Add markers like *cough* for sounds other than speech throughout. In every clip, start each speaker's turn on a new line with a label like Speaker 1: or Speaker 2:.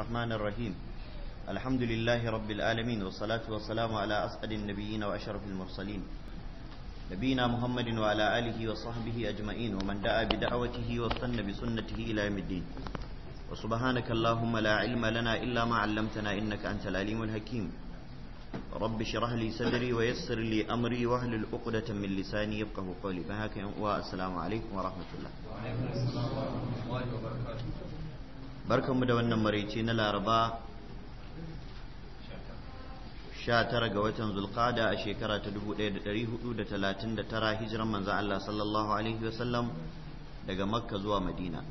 Speaker 1: الرحمن الرحيم الحمد لله رب العالمين والصلاة والسلام على أسعد النبيين وأشرف المرسلين نبينا محمد وعلى آله وصحبه أجمعين ومن دعا بدعوته واستنى بسنته إلى يوم الدين وسبحانك اللهم لا علم لنا إلا ما علمتنا إنك أنت العليم الحكيم رب اشرح لي صدري ويسر لي أمري واهلل عقدة من لساني يفقه قولي فهكذا والسلام عليكم ورحمة الله وعليكم السلام ورحمة
Speaker 2: الله وبركاته
Speaker 1: barkanmu da wannan maraice na laraba 19 ga watan zulqada a shekara ta 1439 hijiran manzo Allah sallallahu alaihi wasallam daga makka zuwa madina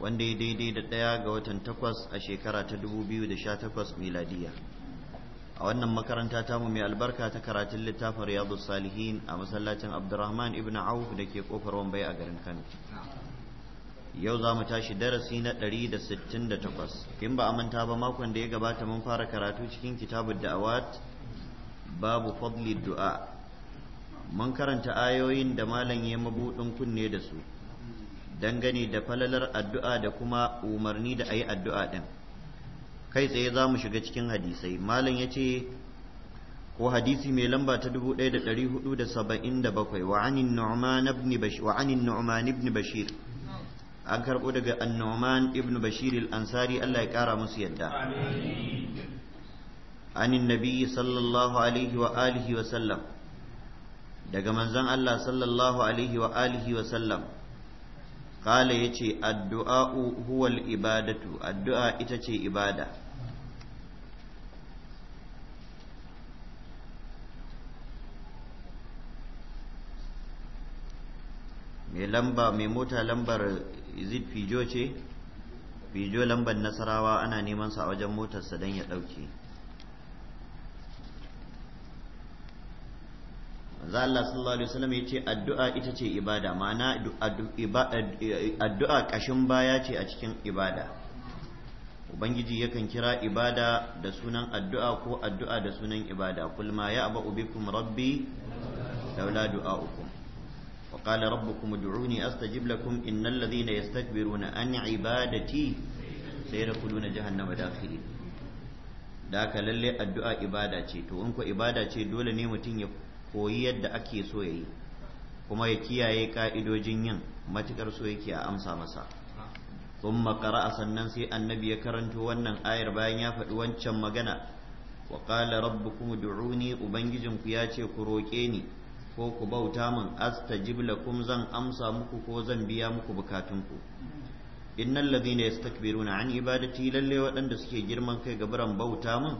Speaker 1: wanda ya daidai da ɗaya ga watan takwas a shekara ta 2018 miladiya a wannan makaranta ta mu mai albarka ta karatun littafin riyadu salihin a masallacin abdurrahman ibn auf da ke kofar wambai a garin kano yau za mu tashi darasi na 168 in ba a manta ba makon da ya gabata mun fara karatu cikin da da'awat babu fadli du'a mun karanta ayoyin da malam ya mabudin kunne da su dangane da falalar addu'a da kuma umarni da ayi addu'a ɗin kai tsaye za mu shiga cikin hadisai malam ya ce ko hadisi mai lamba ta 1477 wa'anin nu'man ibn bashir an karɓo daga annoman ibn bashir al’ansari Allah ya ƙara musu yadda nabi sallallahu alaihi wa alihi wa sallam, daga manzan Allah sallallahu alaihi wa alihi wa sallam kala ce, addu'a huwal ibadatu addu'a ita ce ibada mai lamba mai mota lambar izid fijo ce fijo lambar nasarawa ana neman sa a wajen motarsa dan ya ɗauke za Allah sallallahu alaihi wasallam ya ce addu'a ita ce ibada ma'ana addu'a ƙashin baya ce a cikin ibada ubangiji yakan kira ibada da sunan addu'a ko addu'a da sunan ibada kulma ya abu ubikum rabbi laula uku. وقال ربكم ادعوني أستجب لكم إن الذين يستكبرون عن عبادتي سيدخلون جهنم داخلين daka lalle addu'a ibada ce to in ko ibada ce dole ne mutum ya koyi yadda ake so yayi kuma ya kiyaye ka'idojin yin matukar so yake a amsa masa makara a sannan sai annabi ya karanto wannan ayar bayan ya faɗi wancan magana wa qala rabbukum ud'uni ubangijinku ya ce ku roƙe ni ko ku bauta min astajib lakum zan amsa muku ko zan biya muku bukatun bukatunku innal ladina yastakbiruna an ibadati lalle waɗanda suke girman kai ga gabaran bauta min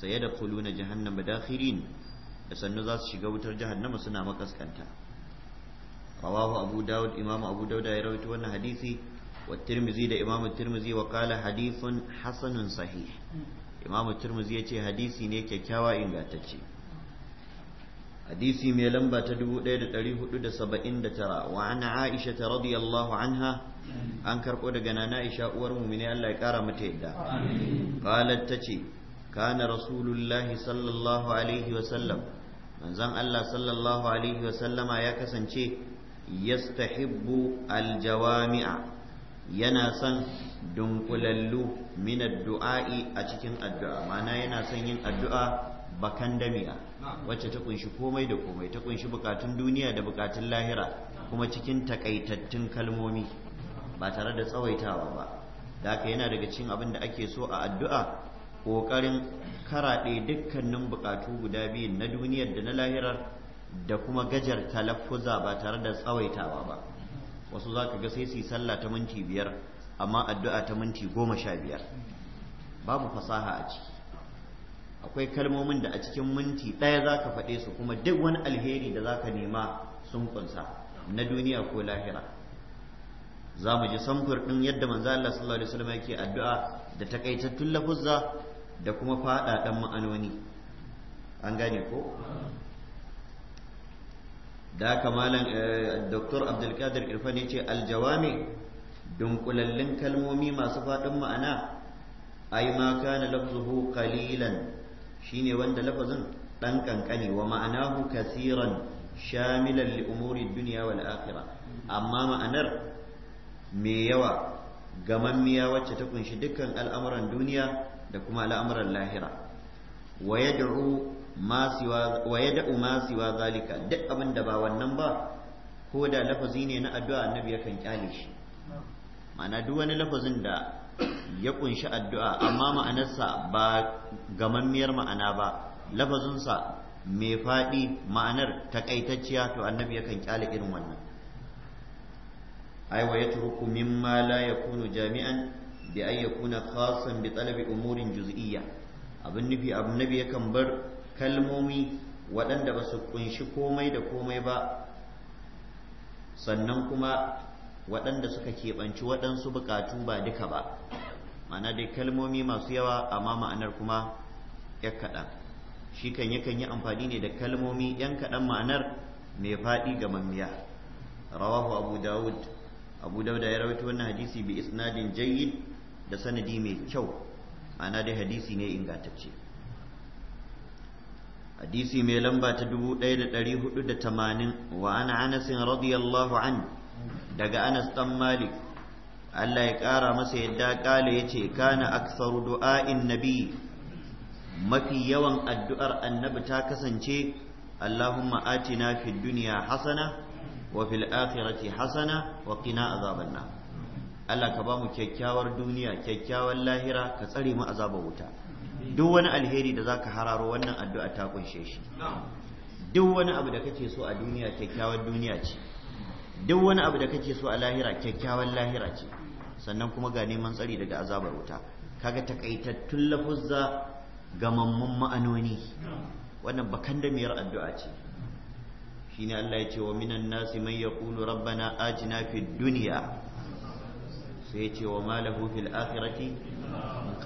Speaker 1: sayadkhuluna jahannama dakhirin da sannu za su shiga wutar jahannama suna makaskanta rawahu abu daud imam abu daud ya rawaito wannan hadisi wa tirmizi da imam tirmizi wa qala hadithun hasanun sahih imam tirmizi yace hadisi ne kyakkyawa ingantacce حديثي ميلم باتدو ليلة تريه لدى سبعين ترى وعن عائشة رضي الله عنها أنكر قد جنانا عائشة ورم من الله كارم تيدا قالت تشي كان رسول الله صلى الله عليه وسلم من زم الله صلى الله عليه وسلم يا كسنشي يستحب الجوامع yana son dunkulallu min addu'a'i a cikin addu'a mana yana son yin addu'a bakan damiya wacce ta kunshi komai da komai ta kunshi bukatun duniya da bukatun lahira kuma cikin takaitattun kalmomi ba tare da tsawaitawa ba da haka yana daga cikin abin da ake so a addu'a ƙoƙarin karaɗe dukkanin bukatu guda biyu na duniyar da na lahirar da kuma gajar talaffuza ba tare da tsawaitawa ba wasu za ka ga sai su yi sallah ta minti biyar amma addu'a ta minti goma sha biyar babu fasaha a ciki akwai kalmomin da a cikin minti ɗaya za ka faɗe su kuma duk wani alheri da za ka nema sun kunsa na duniya ko lahira za mu ji samfur ɗin yadda manzo Allah sallallahu alaihi wasallam yake addu'a da takaitattun lafuzza da kuma faɗaɗan ma'anoni an gane ko da kamalan eh, Dr. Abdulkadir Irfan yace aljawami dunkulallin kalmomi masu faɗin ma'ana ai ma kana lafzuhu qalilan Shi ne wanda lafazin ɗan ƙanƙani wa ma'anahu kasiran shamilan li umuri duniya wal amma ma'anar me yawa ga mammiya wacce ta kunshi dukkan al'amuran duniya da kuma al'amuran lahira wa yad'u ma siwa wa zalika duk abin da ba wannan ba ko da lafazi ne na addu'a annabi yakan kyale shi ma'ana duk wani lafazin da ya kunshi addu'a amma ma'anarsa ba gamammiyar ma'ana ba lafazinsa mai faɗi ma'anar takaitacciya to annabi yakan kyale irin wannan aiwa ya turku mimma la kunu jami'an bi ya kuna khasan bi talabi umurin juz'iyya abin nufi annabi yakan bar kalmomi waɗanda ba su kunshi komai da komai ba sannan kuma waɗanda suka keɓanci waɗansu buƙatu ba duka ba mana dai kalmomi masu yawa amma ma'anar kuma ya kaɗan shi kan yakan yi amfani ne da kalmomi yan kaɗan ma'anar mai faɗi ga mamiya rawahu abu dawud abu dawud ya rawaito wannan hadisi bi isnadin jayyid da sanadi mai kyau ma'ana dai hadisi ne ingantacce hadisi mai lamba ta ɗaya ɗari 1480 wa ana anasin radiyallahu anhu daga Anas dan Malik Allah ya ƙara masa yadda kale yace kana aktsaru du'a'in nabi mafi yawan addu'ar annabi ta kasance Allahumma atina fid dunya hasana wa fil akhirati hasana wa qina azaban nar Allah ka ba kyakkyawar duniya kyakkyawar lahira ka tsare mu azabar wuta duk wani alheri da zaka hararo wannan addu'a ta kunshe shi duk wani abu da kake so a duniya kyakkyawar duniya ce duk wani abu da kake so a lahira kyakkyawan lahira ce sannan kuma ga neman tsari daga azabar wuta kaga takaitattun lafuzza gamammun ma'anoni wannan bakan da miyar addu'a ce shine Allah ya ce wa minan nasi man yaqulu rabbana atina fid dunya sai ya ce wa ma fil akhirati min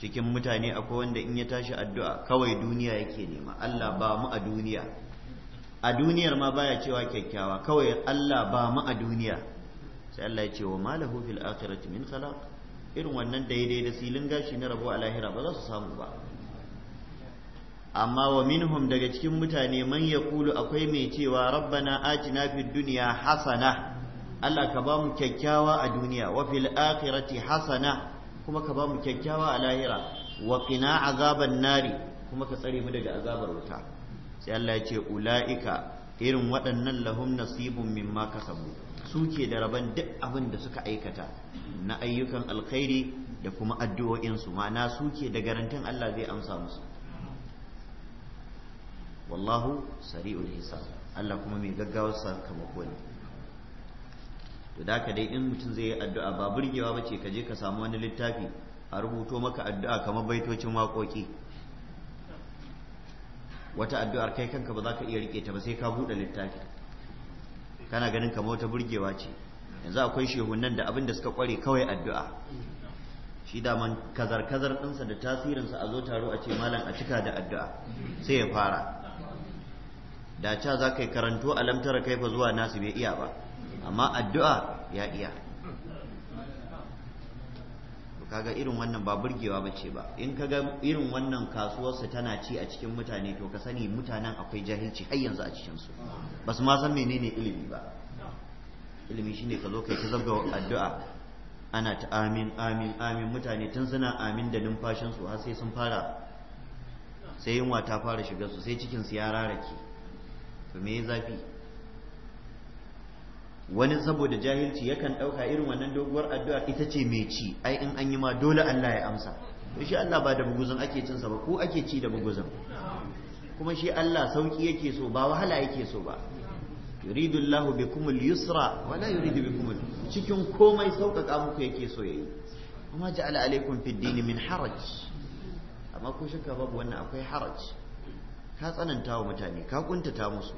Speaker 1: cikin mutane akwai wanda in ya tashi addu'a kawai duniya yake nema Allah ba mu a duniya a duniyar ma baya cewa kyakkyawa kawai Allah ba mu a duniya sai Allah ya ce wa malahu fil akhirati min khalaq irin wannan daidai da silin gashi na rabo a lahira ba za su samu ba amma wa minhum daga cikin mutane man yaqulu akwai mai cewa rabbana atina fid dunya hasana Allah ka ba mu kyakkyawa a duniya wa fil akhirati hasana kuma ka ba mu kyakkyawa a lahira wa qina azaban nari kuma ka tsare mu daga azabar wuta sai Allah ya ce ula'ika irin waɗannan lahum nasibun mimma kasabu suke da rabon duk abin da suka aikata na ayyukan alkhairi da kuma addu'o'insu ma'ana suke da garantin Allah zai amsa musu wallahu sari'ul hisab Allah kuma mai gaggawar sakamako ne to da ka dai in mutum zai yi addu'a ba burgewa bace ka je ka samu wani littafi a rubuto maka addu'a kamar baitocin waƙoƙi wata addu'ar kai kanka ba za ka iya rike ta ba sai ka buɗe littafi kana ganin kamar wata burgewa ce yanzu akwai shehunan da abin da suka kware kawai addu'a shi daman kazar-kazar ɗinsa da tasirinsa a zo taro a ce malam a cika da addu'a sai ya fara da ca za ka yi karanto kai kaifa zuwa nasu bai iya ba amma addu'a ya iya kaga irin wannan ba burgewa ce ba in kaga irin wannan kasuwarsa tana ci a cikin mutane to ka sani mutanen akwai jahilci har yanzu a cikin su ba su ma san menene ilimi ba ilimi shine ka zo kai ta zabga addu'a ana ta amin amin amin mutane tun suna amin da numfashinsu har sai sun fara sai yunwa ta fara shiga su sai cikin su ya rarake to me zafi wani saboda jahilci yakan ɗauka irin wannan doguwar addu'a ita ce mai ci ai in an yi ma dole Allah ya amsa to shi Allah ba da buguzun ake sa ba ko ake ci da buguzun kuma shi Allah sauki yake so ba wahala yake so ba yuridu Allah bikumul yusra wala yuridu bikumul cikin komai sauƙaƙa muku yake so yayi amma ja'ala alaikum fid din min haraj amma ko shakka babu wannan akwai haraj ka tsananta wa mutane ka kuntata musu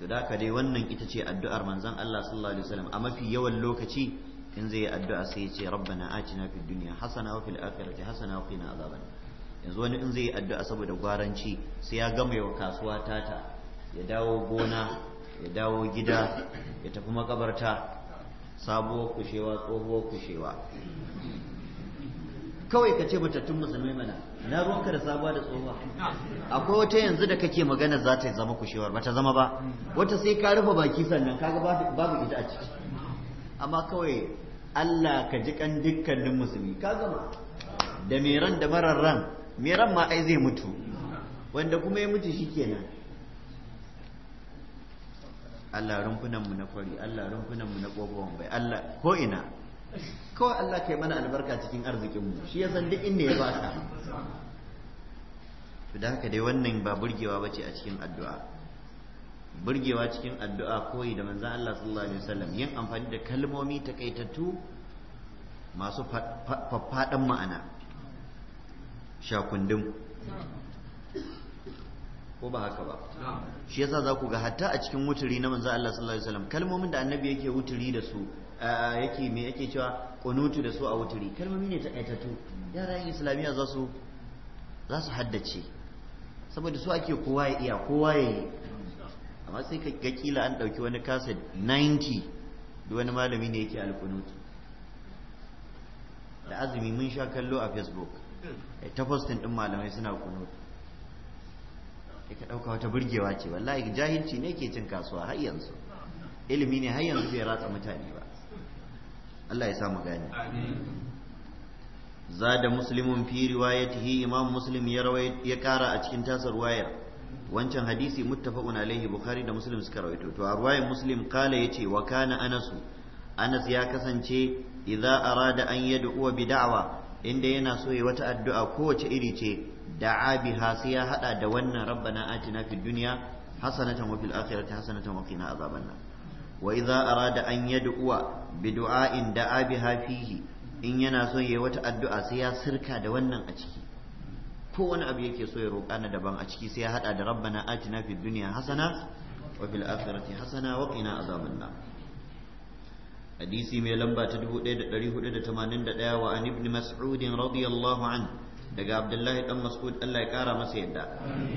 Speaker 1: to da ka dai wannan ita ce addu'ar manzon Allah sallallahu alaihi wasallam a mafi yawan lokaci in zai yi addu'a sai ya ce rabbana atina fid dunya hasana wa fil akhirati hasana wa qina azaban yanzu wani in zai yi addu'a saboda gwaranci sai ya gama yawa kasuwa tata ya dawo gona ya dawo gida ya tafi makabarta sabuwar kushewa tsohuwar kushewa kawai ka ce matattun musulmi mana na ruwanka da sabuwa da tsohuwa akwai wata yanzu da kake magana za ta zama kushewar ba ta zama ba wata sai ka rufe baki sannan kaga babu ita a ciki amma kawai Allah ka ji kan dukkanin musulmi ka gama da mai ran da marar ran mai ran ma ai zai mutu wanda kuma ya mutu shikenan Allah rumfunan mu na kwari Allah rumfunan mu na kokowan bai Allah ko ina kawai Allah kai mana albarka cikin arzikinmu shi ya san duk inda ya baka to da haka dai wannan ba burgewa bace a cikin addu'a burgewa cikin addu'a koyi da manzon Allah sallallahu alaihi wasallam yin amfani da kalmomi takaitattu masu faffaɗan ma'ana shakundin ko ba haka ba shi yasa za ku ga hatta a cikin wuturi na manzo Allah sallallahu alaihi wasallam kalmomin da annabi yake wuturi da su yake me yake cewa kunutu da su a wuturi kalmomi ne ta aitatu yaran islamiyya za su za su haddace saboda su ake kowa ya iya kowa ya yi amma sai ka ga kila an ɗauki wani kasa 90 da wani malami ne yake alkunutu da azumi mun sha kallo a facebook ta postin ɗin malamai suna kunutu sai ka ɗauka wata burgewa ce wallahi jahilci ne ke cin kasuwa har yanzu ilimi ne har yanzu bai ratsa mutane ba Allah ya sa mu gani zada muslimun fi riwayatihi imam muslim ya rawai ya kara a cikin tasar wayar wancan hadisi muttafaqun alaihi bukhari da muslim suka rawaito to a ruwayan muslim kala yace wa kana anasu anas ya kasance idza arada an yad'u bi da'wa inda yana so ya wata addu'a kowace iri ce da'a biha sai ya hada da wannan rabbana atina fid dunya hasanatan wa fil akhirati hasanatan wa qina azaban nar wa a arada an yad'uwa bi du'ain da'a biha fihi in yana so yayi wata addu'a sai ya sirka da wannan a ciki ko wani abu yake so ya roƙa na daban a ciki sai ya haɗa da rabbana atina fid dunya hasana wa fil akhirati hasana hadisi mai lamba ta 1481 wa daga abdullahi dan mas'ud Allah ya kara masa yadda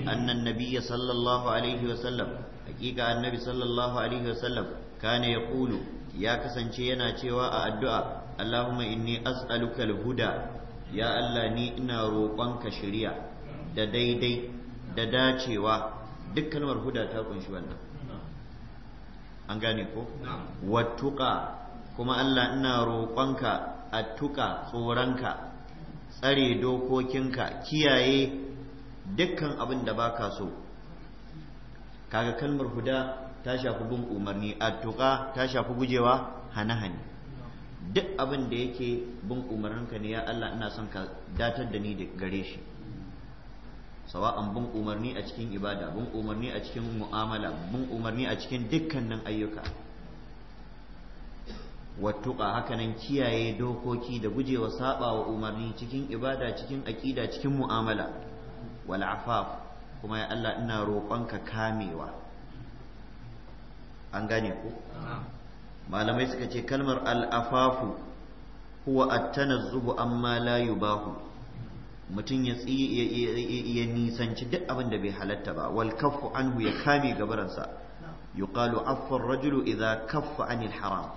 Speaker 1: annan nabiyya sallallahu alaihi wasallam hakika annabi sallallahu alaihi wasallam. kana Kulu ya kasance yana cewa a addu'a Allahumma inni as'aluka al-huda ya Allah ni ina roƙonka shirya. da daidai da dacewa duk kalmar huda ta kunshi wannan an gane ko wattuqa kuma Allah ina roƙonka attuqa tsoronka tsare dokokinka kiyaye dukkan abin da baka so kaga kalmar huda ta shafi bin umarni a attuqa ta shafi gujewa hane-hane duk abin da yake bin umarninka ne ya Allah ina son ka datar da ni gare shi sawa'an bin umarni a cikin ibada bin umarni a cikin mu'amala bin umarni a cikin dukkanin ayyuka wattuqa hakanan kiyaye dokoki da gujewa saba wa umarni cikin ibada cikin aƙida cikin mu'amala wal afaf kuma ya Allah ina roƙonka kamewa an gane ku malamai suka ce kalmar al'afafu huwa at-tanazzuhu amma la yubahu mutum ya ya nisanci duk abin da bai halatta ba wal kaffu anhu ya kame gabaransa yuqalu affa rajulu idza kaffa anil haram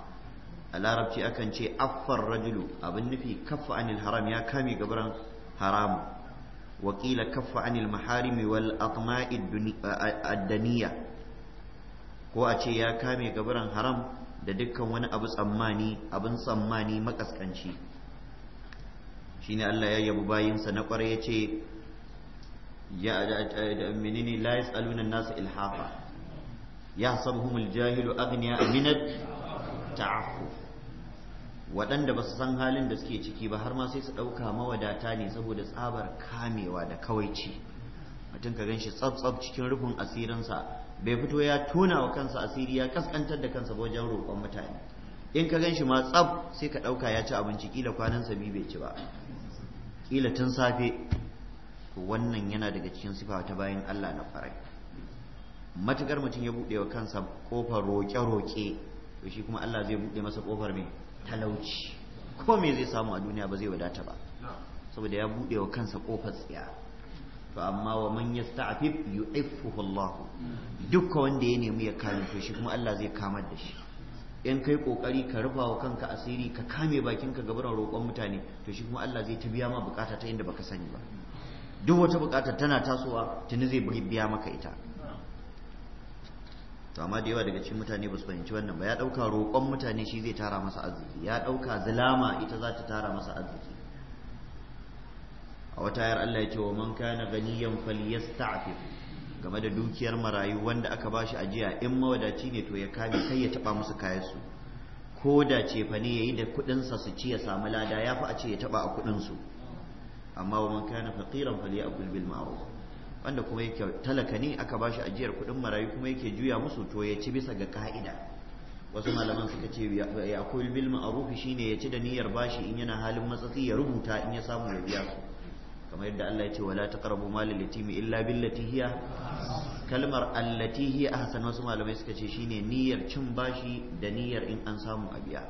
Speaker 1: a larabci akan ce affar rajulu abin nufi kaffa anil haram ya kame gabaran haramu wakila kaffa anil maharimi wal atma'id addaniya ko a ce ya kame gabaran haram da dukkan wani abu tsammani abin tsammani makaskanci shine Allah ya yabu bayinsa na kwarai ya ce ya menene la yasaluna nasu ilhafa Ya yahsabuhum aljahilu aghniya minat ta'affuf waɗanda ba su san halin da suke ciki ba har ma sai su ɗauka mawadata ne saboda tsabar kamewa da kawaici mutum ka gan shi tsabtsab cikin rufin asirinsa bai fito ya tona wa kansa asiri ya kaskantar da kansa wajen roƙon mutane in ka ganshi ma tsab sai ka ɗauka ya ci abinci kila kwanan sa biyu bai ci ba kila tun safe wannan yana daga cikin sifa ta bayan Allah na farai matukar mutum ya buɗe wa kansa kofar roƙe-roƙe to shi kuma Allah zai buɗe masa kofar mai talauci ko me zai samu a duniya ba zai wadata ba saboda ya buɗe wa kansa kofar tsiya Fa amma wa man yasta'fif yu'iffuhu Allah dukkan wanda ya nemi ya kame to shi kuma Allah zai kamar da shi in kai kokari ka rufa wa kanka asiri ka kame bakinka gaban roƙon mutane to shi kuma Allah zai ta ma bukata ta inda baka sani ba duk wata bukata tana tasowa tuni zai biya maka ita to amma da yawa daga cikin mutane ba su fahimci wannan ba ya dauka roƙon mutane shi zai tara masa arziki ya dauka zulama ita za ta tara masa arziki a wata 'yar Allah ya ce wa man kana ganiyan falyasta'fif game da dukiyar marayu wanda aka bashi ajiya in mawadaci ne to ya kame kai ya taba musu kayan ko da ce fa ne yayi da kudin sa su ci ya samu lada yafi a ce ya taba a kudin su amma wa man kana faqiran falyakul bil ma'ruf wanda kuma yake talaka ne aka bashi ajiyar kudin marayu kuma yake juya musu to ya ci bisa ga ka'ida wasu malaman suka ce ya akul bil ma'ruf shine ya ci da niyyar bashi in yana halin matsatsi ya rubuta in ya samu ya biya su kamar yadda Allah ya ce wala taqrabu malal yatimi illa billati hiya kalmar allati hiya ahsan wasu malamai suka ce shine niyyar cin bashi da niyyar in an samu a biya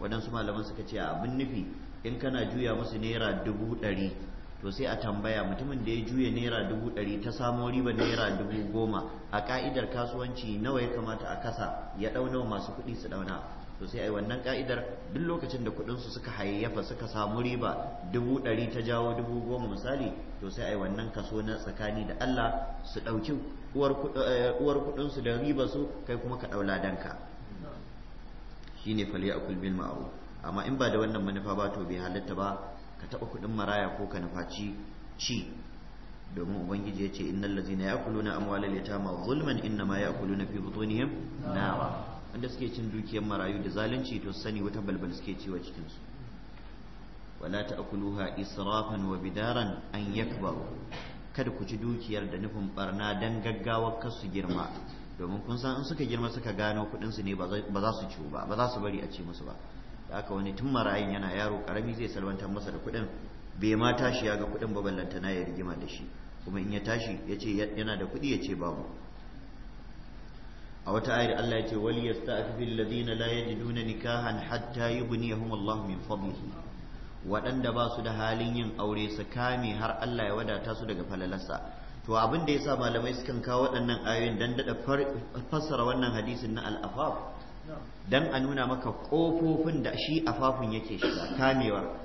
Speaker 1: wadansu malaman suka ce abin nufi in kana juya musu naira dubu ɗari to sai a tambaya mutumin da ya juya naira dubu ɗari ta samo riba naira dubu goma a ka'idar kasuwanci nawa ya kamata a kasa ya ɗau nawa masu kuɗi su ɗauna to sai ai wannan ka'idar duk lokacin da kuɗin su suka hayayyafa suka samu riba dubu ɗari ta jawo dubu goma misali to sai ai wannan kaso na tsakani da Allah su ɗauki uwar eh, kuɗinsu su da riba su kai kuma ka ɗaula ka. shine fali akul bil ma'ruf amma in ba da wannan manufa ba to bai halatta ba ka taɓa kuɗin maraya ko ka nufaci ci domin ubangiji ya ce innal ladzina ya'kuluna amwalal yatama zulman innama ya'kuluna fi butunihim nara wanda suke cin dukiyar marayu da zalunci to sani wata balbal suke wa cikin su wala ta'kuluha israfan wa bidaran an yakbaru kada ku ci dukiyar da nufin barna dan gaggawa kasu girma domin kun san in suka girma suka gano kuɗin su ne ba za su ci ba ba za su bari a ci musu ba da haka wani tun marayin yana yaro karami zai salwantar masa da kuɗin bai ma tashi ya ga kuɗin ba ballanta na ya rigima da shi kuma in ya tashi ya ce yana da kuɗi ya ce babu a wata ayar Allah ya ce wal yasta'fifu alladhina la yajiduna nikahan hatta yughniyahum Allah min fadlihi waɗanda ba su da halin yin aure su kame har Allah ya wadata su daga falalarsa to abin da yasa malamai sukan kawo waɗannan ayoyin dan dada fassara wannan hadisin na al-afaf a nuna maka kofofin da shi afafin yake shiga kamewa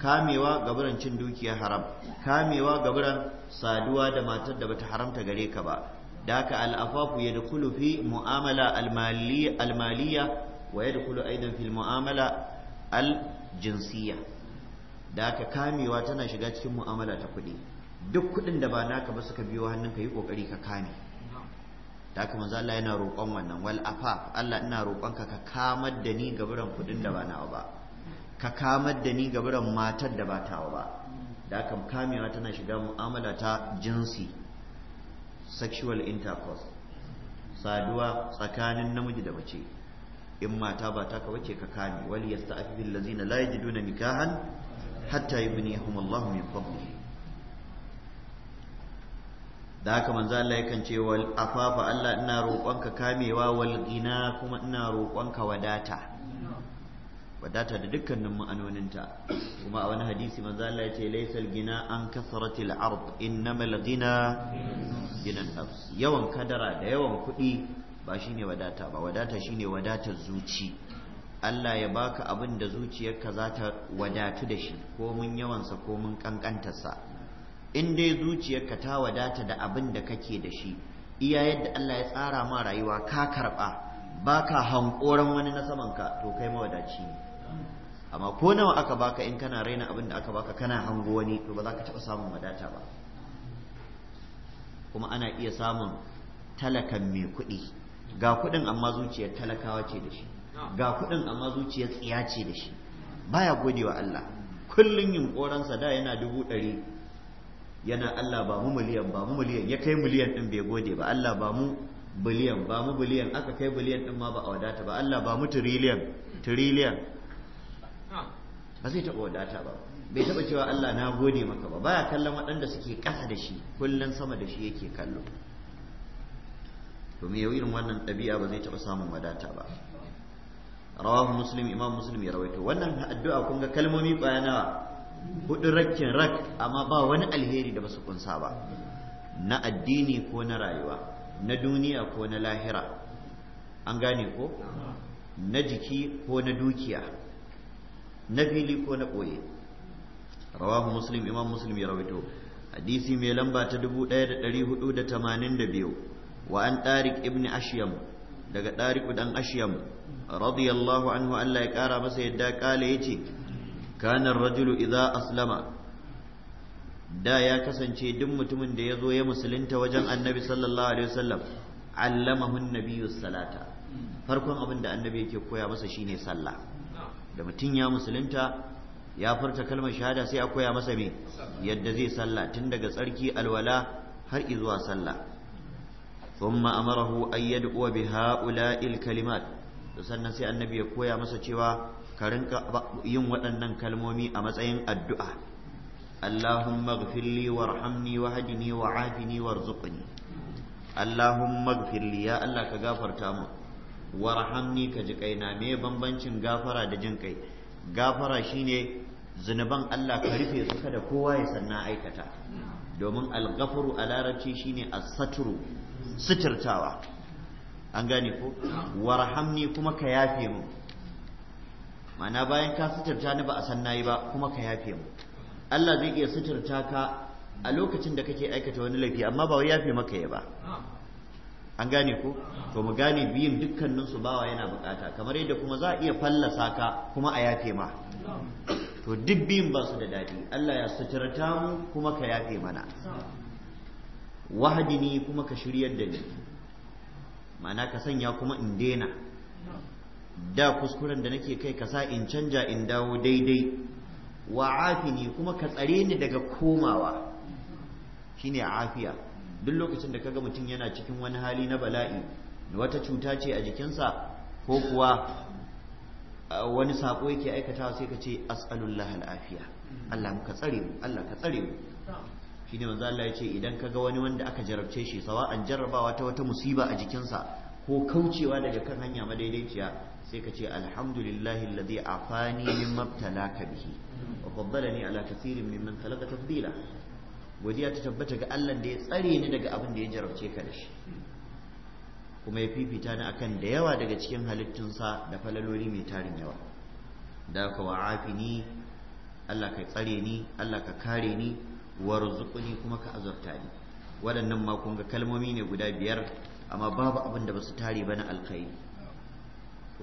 Speaker 1: kamewa gaburan cin dukiya haram kamewa gaburan saduwa da matar da bata haramta gare ka ba da haka al'afafu ya dukulu fi mu'amala almaliya wa ya dukulu aidan fil mu'amala aljinsiya da kamewa tana shiga cikin mu'amala ta kuɗi duk kuɗin da ba naka ba suka biyo hannunka yi ƙoƙari ka kame da manzo Allah yana roƙon wannan wal afaf Allah ina roƙonka ka kamar da ni gaburan kuɗin da ba nawa ba ka kamar da ni gaburan matar da ba tawa ba da kamewa tana shiga mu'amala ta jinsi sexual intercourse saduwa tsakanin namiji da mace in mata ba ta kawace ka kame wal yasta'fifil ladzina la yajiduna nikahan hatta yughniyahum Allahu min fadlihi da haka manzo Allah yakan ce wal afafa Allah ina roƙonka kamewa wal gina kuma ina roƙonka wadata wadata da dukkanin ma'anoninta kuma a wani hadisi manzo Allah yace laysal gina an kasratil ard innamal gina ginan nafs yawan kadara da yawan kuɗi ba shine wadata ba wadata shine wadatar zuci Allah ya baka abin da zuciyarka za ta wadatu da shi ko mun yawansa ko mun kankantarsa in dai zuciyarka ta wadata da abin da kake da shi iya yadda Allah ya tsara ma rayuwa ka karba baka hankoran wani na saman ka to kai mawadaci ne amma ko nawa aka baka in kana raina abin da aka baka kana hango wani to ba za ka taɓa samun wadata ba kuma ana iya samun talakan mai kuɗi ga kuɗin amma zuciyar talakawa ce da shi ga kuɗin amma zuciyar tsiya ce da shi baya wa Allah kullun yunƙoransa da yana dubu ɗari yana Allah ba mu miliyan ba mu miliyan ya kai miliyan ɗin bai gode ba Allah ba mu biliyan ba mu biliyan aka kai biliyan ɗin ma ba a wadata ba Allah ba mu tiriliyan tiriliyan ba zai taɓa wadata ba bai taɓa cewa Allah na gode maka ba baya kallon waɗanda suke ƙasa da shi kullum sama da shi yake kallo to me irin wannan ɗabi'a ba zai taɓa samun wadata ba rawahu muslim imam muslim ya rawaito wannan addu'a kun ga kalmomi bayana nawa hudu rakkin rak amma ba wani alheri da basu kunsa ba na addini ko na rayuwa na duniya ko na lahira an gane ko na jiki ko na dukiya na fili ko na ɓoye rawahu muslim imam muslim ya rawaito hadisi mai lamba ta 1482 wa an tariq ibn ashyam daga tariq dan ashyam radiyallahu anhu Allah ya kara masa yadda kale yace kana ar-rajulu idza aslama da ya kasance duk mutumin da ya zo ya musulunta wajen annabi sallallahu alaihi wasallam allamahu nabiyyu salata farkon abin da annabi yake koya masa shine sallah da mutum ya musulunta ya furta kalmar shahada sai a koya masa me yadda zai sallah tun daga tsarki alwala har izuwa sallah ثم أمره أن يدعو kalimat الكلمات sannan sai annabi ya koya masa cewa ka rinka yin waɗannan kalmomi a matsayin addu'a Allahumma gfirli warhamni wahdini wa'afini warzuqni Allahumma gfirli ya Allah ka gafarta mu warhamni ka ji kaina me bambancin gafara da jin kai gafara shine zunuban Allah ka rufe su kada kowa ya sanna aikata domin alghafuru a larabci shine as-satru suturtawa an gane ko warhamni kuma ka yafe mu ma'ana bayan ka suturta ni ba a san nayi ba kuma ka yafe mu Allah zai iya suturta ka a lokacin da kake aikata wani laifi amma ba wai yafe maka ya ba an gane ko to mu gane biyun dukkanin su bawa yana bukata kamar yadda kuma za a iya fallasa ka kuma a yafe ma to duk biyun ba su da daɗi Allah ya suturta mu kuma ka yafe mana wahadini kuma ka shiryar da ni ma'ana ka sanya kuma in daina da kuskuren da nake kai ka sa in canja in dawo daidai wa afini kuma ka tsare ni daga komawa shine afiya duk lokacin da kaga mutum yana cikin wani hali na bala'i wata cuta ce a jikinsa ko kuwa wani sako yake aikatawa sai ka ce as'alullah al'afiya Allah ka tsare mu Allah ka tsare mu shine manzo Allah yace idan kaga wani wanda aka jarabce shi sawa'an jarrabawa ta wata musiba a jikinsa ko kaucewa daga kan hanya madaidaiciya sai ka ce alhamdulillahi alladhi afani mimma btalaka bihi wa faddalani ala kathirin mimman khalaqa tafdila godiya ta tabbata ga Allah da ya tsare ni daga abin da ya jarabce ka da shi kuma ya fifita ni akan da yawa daga cikin halittunsa da falaloli mai tarin yawa da ka wa'afi ni Allah ka tsare ni Allah ka kare ni warzuqni kuma ka azurta ni waɗannan ma kun ga kalmomi ne guda biyar amma babu abin da basu tare ba na alkhairi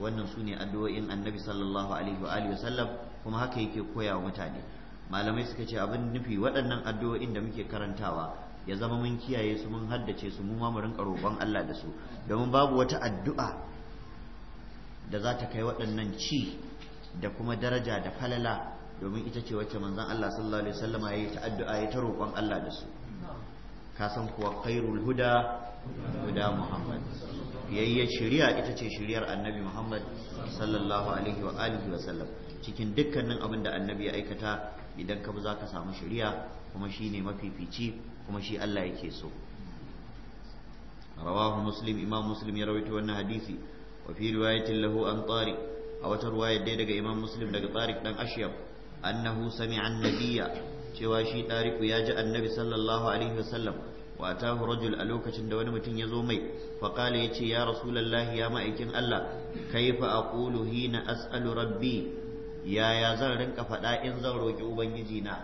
Speaker 1: wannan su ne addu'o'in annabi sallallahu alaihi wa alihi kuma haka yake koya wa mutane malamai suka ce abin nufi waɗannan addu'o'in da muke karantawa ya zama mun kiyaye su mun haddace su mu ma mu Allah da su domin babu wata addu'a da za ta kai waɗannan ci da kuma daraja da falala domin ita ce wacce manzon Allah sallallahu alaihi wasallama yayi ta addu'a ya ta roƙon Allah da su ka san kuwa khairul huda huda Muhammad shari'a ita ce shari'ar annabi Muhammad sallallahu alaihi wa wa sallam cikin dukkanin abin da annabi ya aikata idan ka bi za ka samu shari'a kuma shi ne mafifici kuma shi Allah yake so rawahu muslim imam muslim ya rawaito wannan hadisi wa fi riwayatin lahu an tariq a wata riwaya dai daga imam muslim daga tariq dan ashyab annahu sami'a annabiya. cewa shi tariq ya ji annabi sallallahu alaihi wasallam wa atahu rajul a lokacin da wani mutum ya zo mai faqala yace ya rasulullahi ya ma'aikin Allah kaifa aqulu hina as'alu rabbi yaya zan rinka faɗa in zan roƙi ubangiji na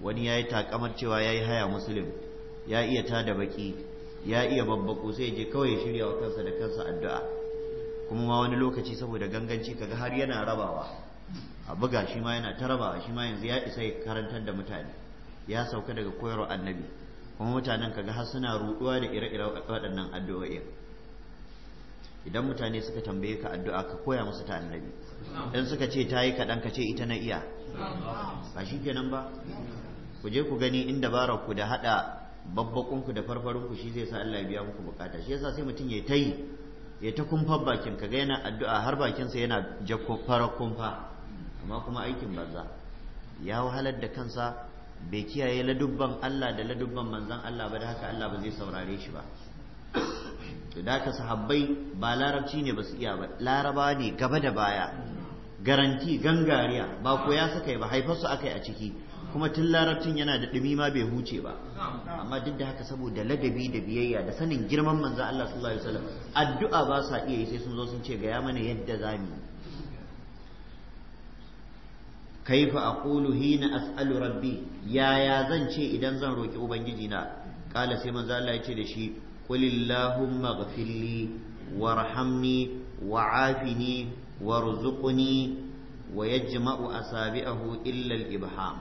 Speaker 1: wani ya yi takamar cewa ya yi haya musulun ya iya da baki ya iya babbaƙo sai je kawai ya shirya wa kansa da kansa addu'a kuma ma wani lokaci saboda ganganci kaga har yana rabawa a buga shi ma yana ta rabawa shi ma yanzu ya isa ya karantar da mutane ya sauka daga koyarwa annabi kuma mutanen kaga har suna ruɗuwa da ire-iren waɗannan addu'o'in idan mutane suka tambaye ka addu'a ka koya musu ta annabi idan suka ce ta yi kaɗan ka ce ita na iya ba shi kenan ba ku je ku gani inda bara ku da haɗa babbakunku da ku shi zai sa Allah ya biya muku bukata shi yasa sai mutum ya ta yi ya ta kumfar bakin ka ga yana addu'a har bakin sa yana jakko fara kumfa amma kuma aikin banza ya wahalar da kansa bai kiyaye ladubban Allah da ladubban manzan Allah ba da haka Allah ba zai saurare shi ba to da ka sahabbai ba larabci ne ba su iya ba laraba ne gaba da baya garanti gangariya ba ko ya saka ba haifar su aka yi a ciki kuma tun larabcin yana da ɗumi ma bai huce ba amma duk da haka saboda ladabi da biyayya da sanin girman manzo Allah sallallahu alaihi wasallam addu'a ba sa iya yi sai sun zo sun ce ga ya mana yadda zamu kaifa aqulu hina as'alu rabbi yaya zan ce idan zan roki ubangiji na kala sai manzo Allah ya ce da shi قل اللهم اغفر لي وارحمني a وارزقني ويجمع أصابعه إلا الإبهام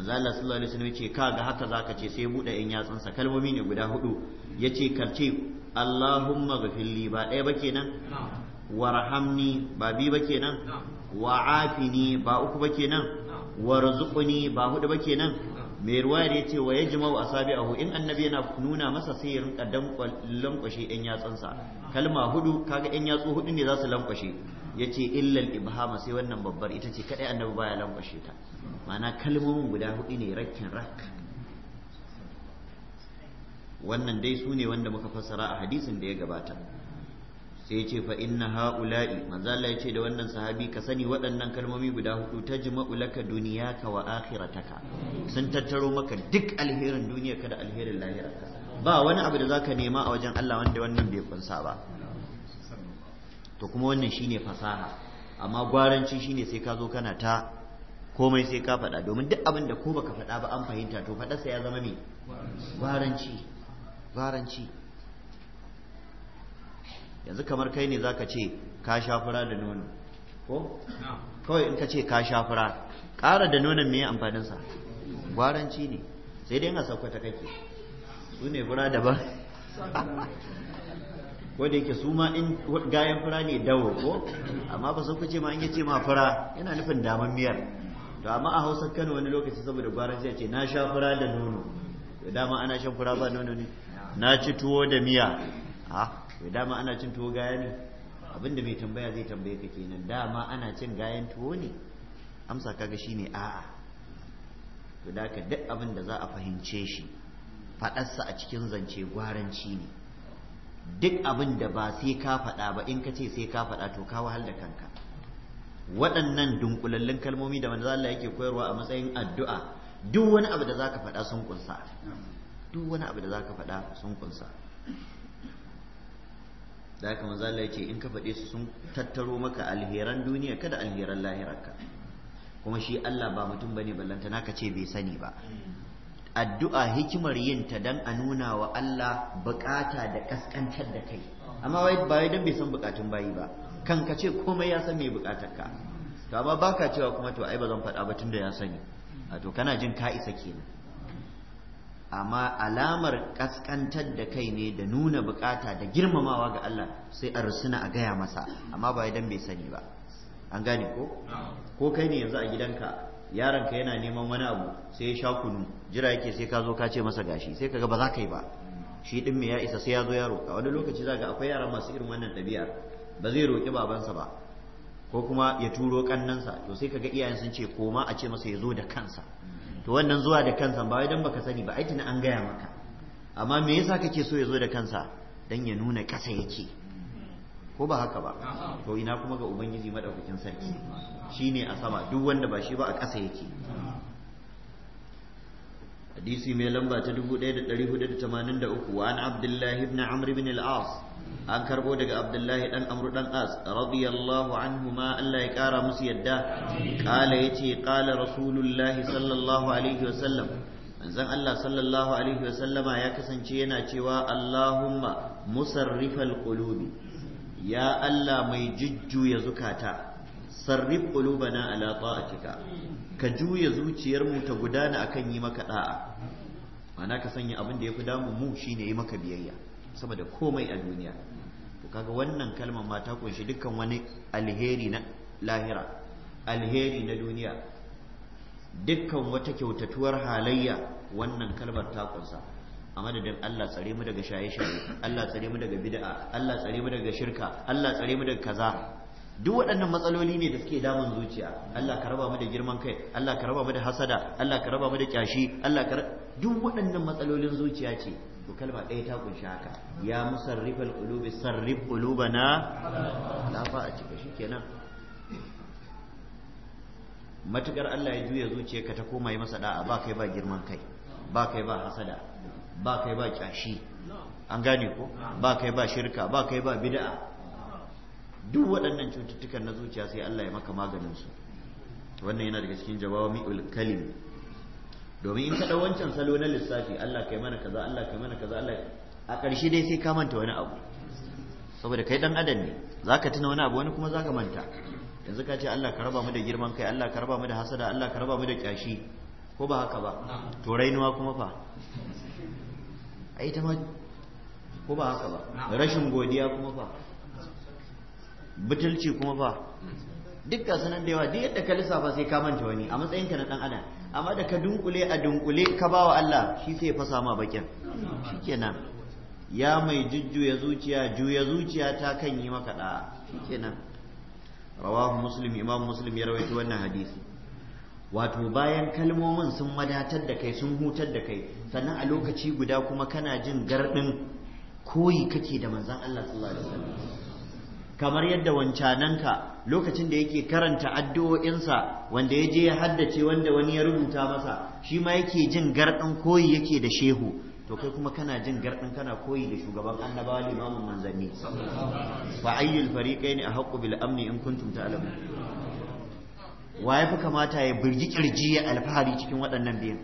Speaker 1: manzo Allah sallallahu alaihi wasallam yace kaga haka zaka ce sai buɗe yan yatsunsa, kalmomin ya guda hudu yace karce Allahumma ghafirli ba ɗaya ba kenan warhamni ba biyu ba kenan wa'afini ba uku ba kenan warzuqni ba huɗu ba kenan mai ruwa ya jima'u wa sabi a in annabi yana nuna masa sai ya rinka lankwashe 'yan yatsansa kalma hudu kaga 'yan yatsu hudu ne za su lankwashe ya ce illal ibhama sai wannan babbar ita ce kadai annabi baya lankwashe ta ma'ana kalmomin guda hudu ne rakkin rak wannan dai su ne wanda muka fassara a hadisin da ya gabata sai ce fa inna haula'i manzo Allah yace da wannan sahabi ka sani waɗannan kalmomi guda hudu tajma'u laka duniyaka wa akhirataka sun tattaro maka duk alherin ka da alherin lahira ba wani abu da zaka nema a wajen Allah wanda wannan bai kunsa ba to kuma wannan shine fasaha amma gwaranci shine sai ka zo kana ta komai sai ka faɗa domin duk abin da ko baka faɗa ba an fahimta to faɗarsa ya zama me gwaranci gwaranci yanzu kamar kai ne za ka ce ka sha fura da nono ko kawai in ka ce ka sha fura ƙara da nonon me amfaninsa gwaranci ne sai dai a sauƙata kake su ne fura daban *laughs* ko da yake su ma in gayan fura ne dawo ko amma ba su kuce ma in yace ma fura yana nufin daman miyar to amma a Hausa Kano wani lokaci saboda gwaranci ya ce na sha fura da nono to dama ana shan fura ba nono ne na ci tuwo da miya ha ah. to dama ana cin tuwo gaya ne abinda mai tambaya zai tambaye ka kenan dama ana cin gayan tuwo ne amsa kaga shine a'a to da ka duk abin da za a fahimce shi faɗarsa a cikin zance gwaranci ne duk abin ba sai ka faɗa ba in ka ce sai ka faɗa to ka wahal da kanka waɗannan dunkulallun kalmomi da manzo Allah yake koyarwa a matsayin addu'a duk wani abu da zaka faɗa sun kunsa duk wani abu da zaka faɗa sun kunsa da haka manzo in ka faɗe su sun tattaro maka alheran duniya kada alheran lahirarka kuma shi Allah ba mutum bane ballanta naka ce bai sani ba addu'a hikimar yin ta dan a nuna wa Allah bukata da kaskantar da kai amma wai ba wai dan bai san bukatun bayi ba kan ka ce komai ya san me ka to amma baka cewa kuma to ai ba zan faɗa ba tunda ya sani to kana jin ka isa kenan amma alamar kaskantar da kai ne da nuna bukata da girmamawa ga Allah sai a rusuna a gaya masa amma ba idan bai sani ba an gane ko ko kai ne yanzu a gidanka yaronka yana neman wani abu sai ya sha kunu jira yake sai ka zo ka ce masa gashi sai kaga ba za ka yi ba shi din me ya isa sai ya zo yaro. A wani lokaci zaka akwai yaran masu irin wannan ɗabi'ar ba zai roki babansa ba ko kuma ya turo kannansa to sai kaga iyayen sun ce koma a ce masa ya zo da kansa to wannan zuwa da kansa ba wai dan baka sani ba ai an gaya maka amma me yasa kake so ya zo da kansa dan ya nuna kasa yake ko ba haka ba to ina kuma ga ubangiji madaukakin sarki shine a sama duk wanda ba shi ba a kasa yake hadisi mai lamba ta 1483 wa an abdullahi ibn amr ibn al-as an karbo daga abdullahi dan amru dan as radiyallahu anhu ma Allah ya kara musu yadda kala yace kala rasulullahi sallallahu alaihi wasallam manzon Allah sallallahu alaihi wasallama ya kasance yana cewa Allahumma musarrifal qulubi ya Allah mai jujjuya zukata sarrif qulubana ala ta'atika ka juya zuciyarmu ta gudana akan yi maka da'a ana ka sanya abin da ya fi damu mu shine yi maka biyayya sama da komai a duniya to kaga wannan kalmar ma ta kunshi dukkan wani alheri na lahira alheri na duniya dukkan wata kyautatuwar halayya wannan kalmar ta kunsa a madadin Allah tsare mu daga shaye-shaye Allah tsare mu daga bid'a Allah tsare mu daga shirka Allah tsare mu daga kaza duk waɗannan matsaloli ne da suke damun zuciya Allah ka raba mu da girman kai Allah ka raba mu da hasada Allah ka raba mu da kyashi Allah ka duk waɗannan matsalolin zuciya ce to kalma ɗaya ta kunshi haka ya al qulubi sarrif qulubana fa a cika shikenan matukar Allah ya juya zuciyar ka ta koma masa da'a ba kai ba girman kai ba kai ba hasada ba kai ba kyashi an gane ko ba kai ba shirka ba kai ba bid'a duk waɗannan cututtukan na zuciya sai Allah ya maka maganin su wannan yana daga cikin ul kalim domin in ka wancan salo na lissafi Allah kai mana kaza Allah kai mana kaza Allah a ƙarshe dai sai ka manta wani abu saboda kai dan adam ne zaka tuna wani abu wani kuma zaka manta yanzu ka ce Allah ka raba mu da girman kai Allah ka raba mu da hasada Allah ka raba mu da kyashi ko ba haka ba to rainuwa kuma fa ai ta ma ko ba haka ba rashin godiya kuma fa butulci kuma fa duk ga sanan da yawa duk yadda ka lissafa sai ka manta wani a matsayinka na dan adam amma da ka dunkule a dunkule ka ba wa Allah shi sai ya fasa ma bakin shikenan ya mai jujjuya zuciya juya zuciya ta kan yi maka da'a shikenan rawahu muslim imam muslim ya rawaito wannan hadisi wato bayan kalmomin sun madatar da kai sun hutar da kai sannan a lokaci guda kuma kana jin gardin koyi kake da manzon Allah sallallahu alaihi wasallam kamar yadda wancananka lokacin da yake karanta addu'o'insa wanda ya je ya haddace wanda wani ya rubuta masa shi ma yake jin garɗin koyi yake da shehu to kai kuma kana jin garɗin kana koyi da shugaban annabawa limamin manzanni fa ayyul fariqaini ahqqu bil amni in kuntum ta'lamun wa yafi kamata ya birgi kirji ya alfahari cikin waɗannan biyan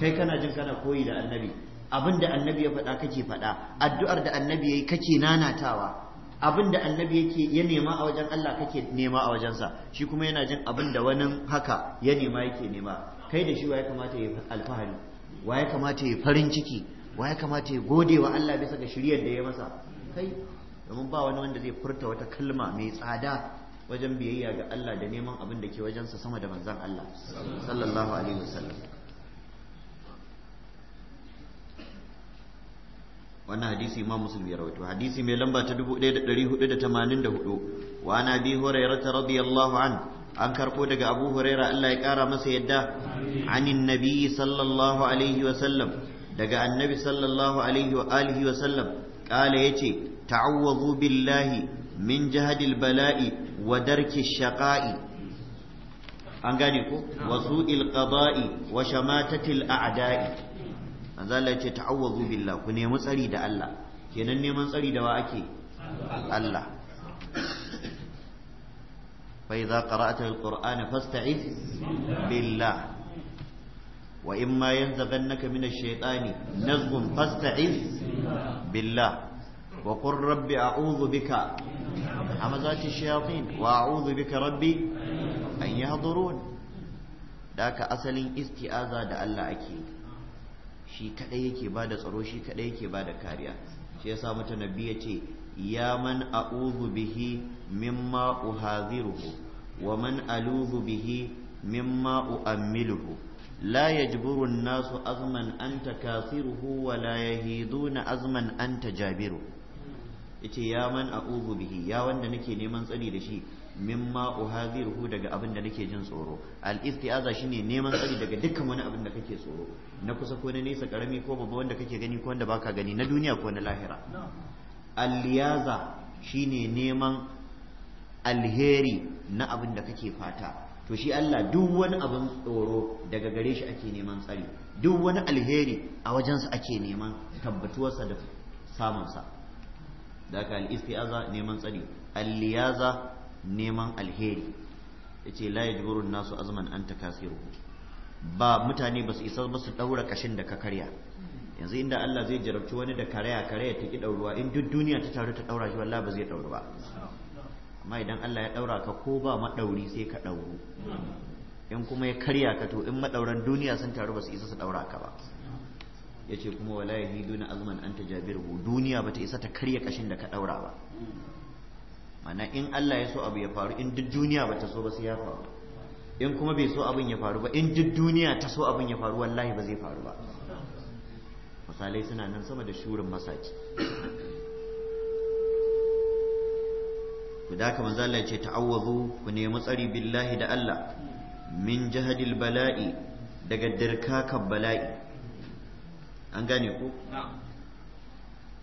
Speaker 1: kai kana jin kana koyi da annabi abin da annabi ya faɗa kake faɗa addu'ar da annabi yayi kake nanatawa abin da annabi yake ya nema a wajen Allah kake nema a wajensa shi kuma yana jin abin da wani haka ya nema yake nema kai da shi wa kamata ya alfahari wa ya kamata ya farin ciki wa ya kamata ya gode wa Allah bisa ga shiriyar da ya masa kai domin ba wani wanda zai furta wata kalma mai tsada wajen biyayya ga Allah da neman abin da ke wajensa sama da manzon Allah sallallahu alaihi wasallam wannan hadisi imam muslim ya rawaito hadisi mai lamba ta 1484 wa ana bi hurairah radiyallahu an an karbo daga abu huraira Allah ya kara masa yadda anin nabi sallallahu alaihi wa sallam daga annabi sallallahu alaihi wa alihi wa sallam kala yace ta'awwazu billahi min jahadil bala'i wa darki shaqa'i an gane ko wa su'il qada'i wa shamatatil a'da'i manzo Allah ya ce ta'awwazu billah ku nemi tsari da Allah kenan neman tsari da wa ake Allah fa idza qara'ta alqur'ana fasta'iz billah wa imma yanzaghannaka min ash-shaytani nazghun fasta'iz billah wa qur rabbi a'udhu bika hamazati ash-shayatin wa a'udhu bika rabbi an yahdurun daka asalin isti'aza da Allah ake yi shi kadai yake ba da tsaro shi kadai yake ba da kariya shi yasa nabi ya ce ya man a'udhu bihi mimma uhadhiruhu wa man aludhu bihi mimma u'ammiluhu لا يجبر الناس أزما أنت wa ولا يهيدون أزما an جابره ita ya man a'udhu bihi ya wanda nake neman tsari da shi mimma uhadhiruhu daga abin da nake jin tsoro al istiaza shine neman tsari daga dukkan wani abin da kake tsoro na kusa ko na nesa karami ko babba wanda kake gani ko wanda baka gani na duniya ko na lahira al shine neman alheri na abin da kake fata to shi Allah duk wani abin tsoro daga gare shi ake neman tsari duk wani alheri a wajensa ake neman tabbatuwarsa da samunsa da ka al-istiaza neman tsari al-liyaza neman alheri Ya ce, la yajburu nasu azman anta kasiruhu ba mutane ba su isa ba su daura kashin da ka karya yanzu inda Allah zai jarabci wani da karaya karaya ta ki dauruwa in duk duniya ta taru ta daura shi wallahi ba zai dauru ba amma idan Allah ya daura ka ko ba madauri sai ka ɗauru. in kuma ya karya ka to in madauran duniya sun taru ba su isa su daura ka ba yace kuma wala yahiduna azman anta jabiru duniya ba ta isa ta karya kashin da ka daura ba mana in Allah ya so abu ya faru in duk duniya ba ta so ba sai ya faru in kuma bai so abin ya faru ba in duk duniya ta so abin ya faru wallahi ba zai faru ba misalai suna nan sama da shurin masaki guda kamar zalla ce ta'awwazu ku nemi tsari billahi da Allah min jahadil bala'i daga dirkakan bala'i an gane ku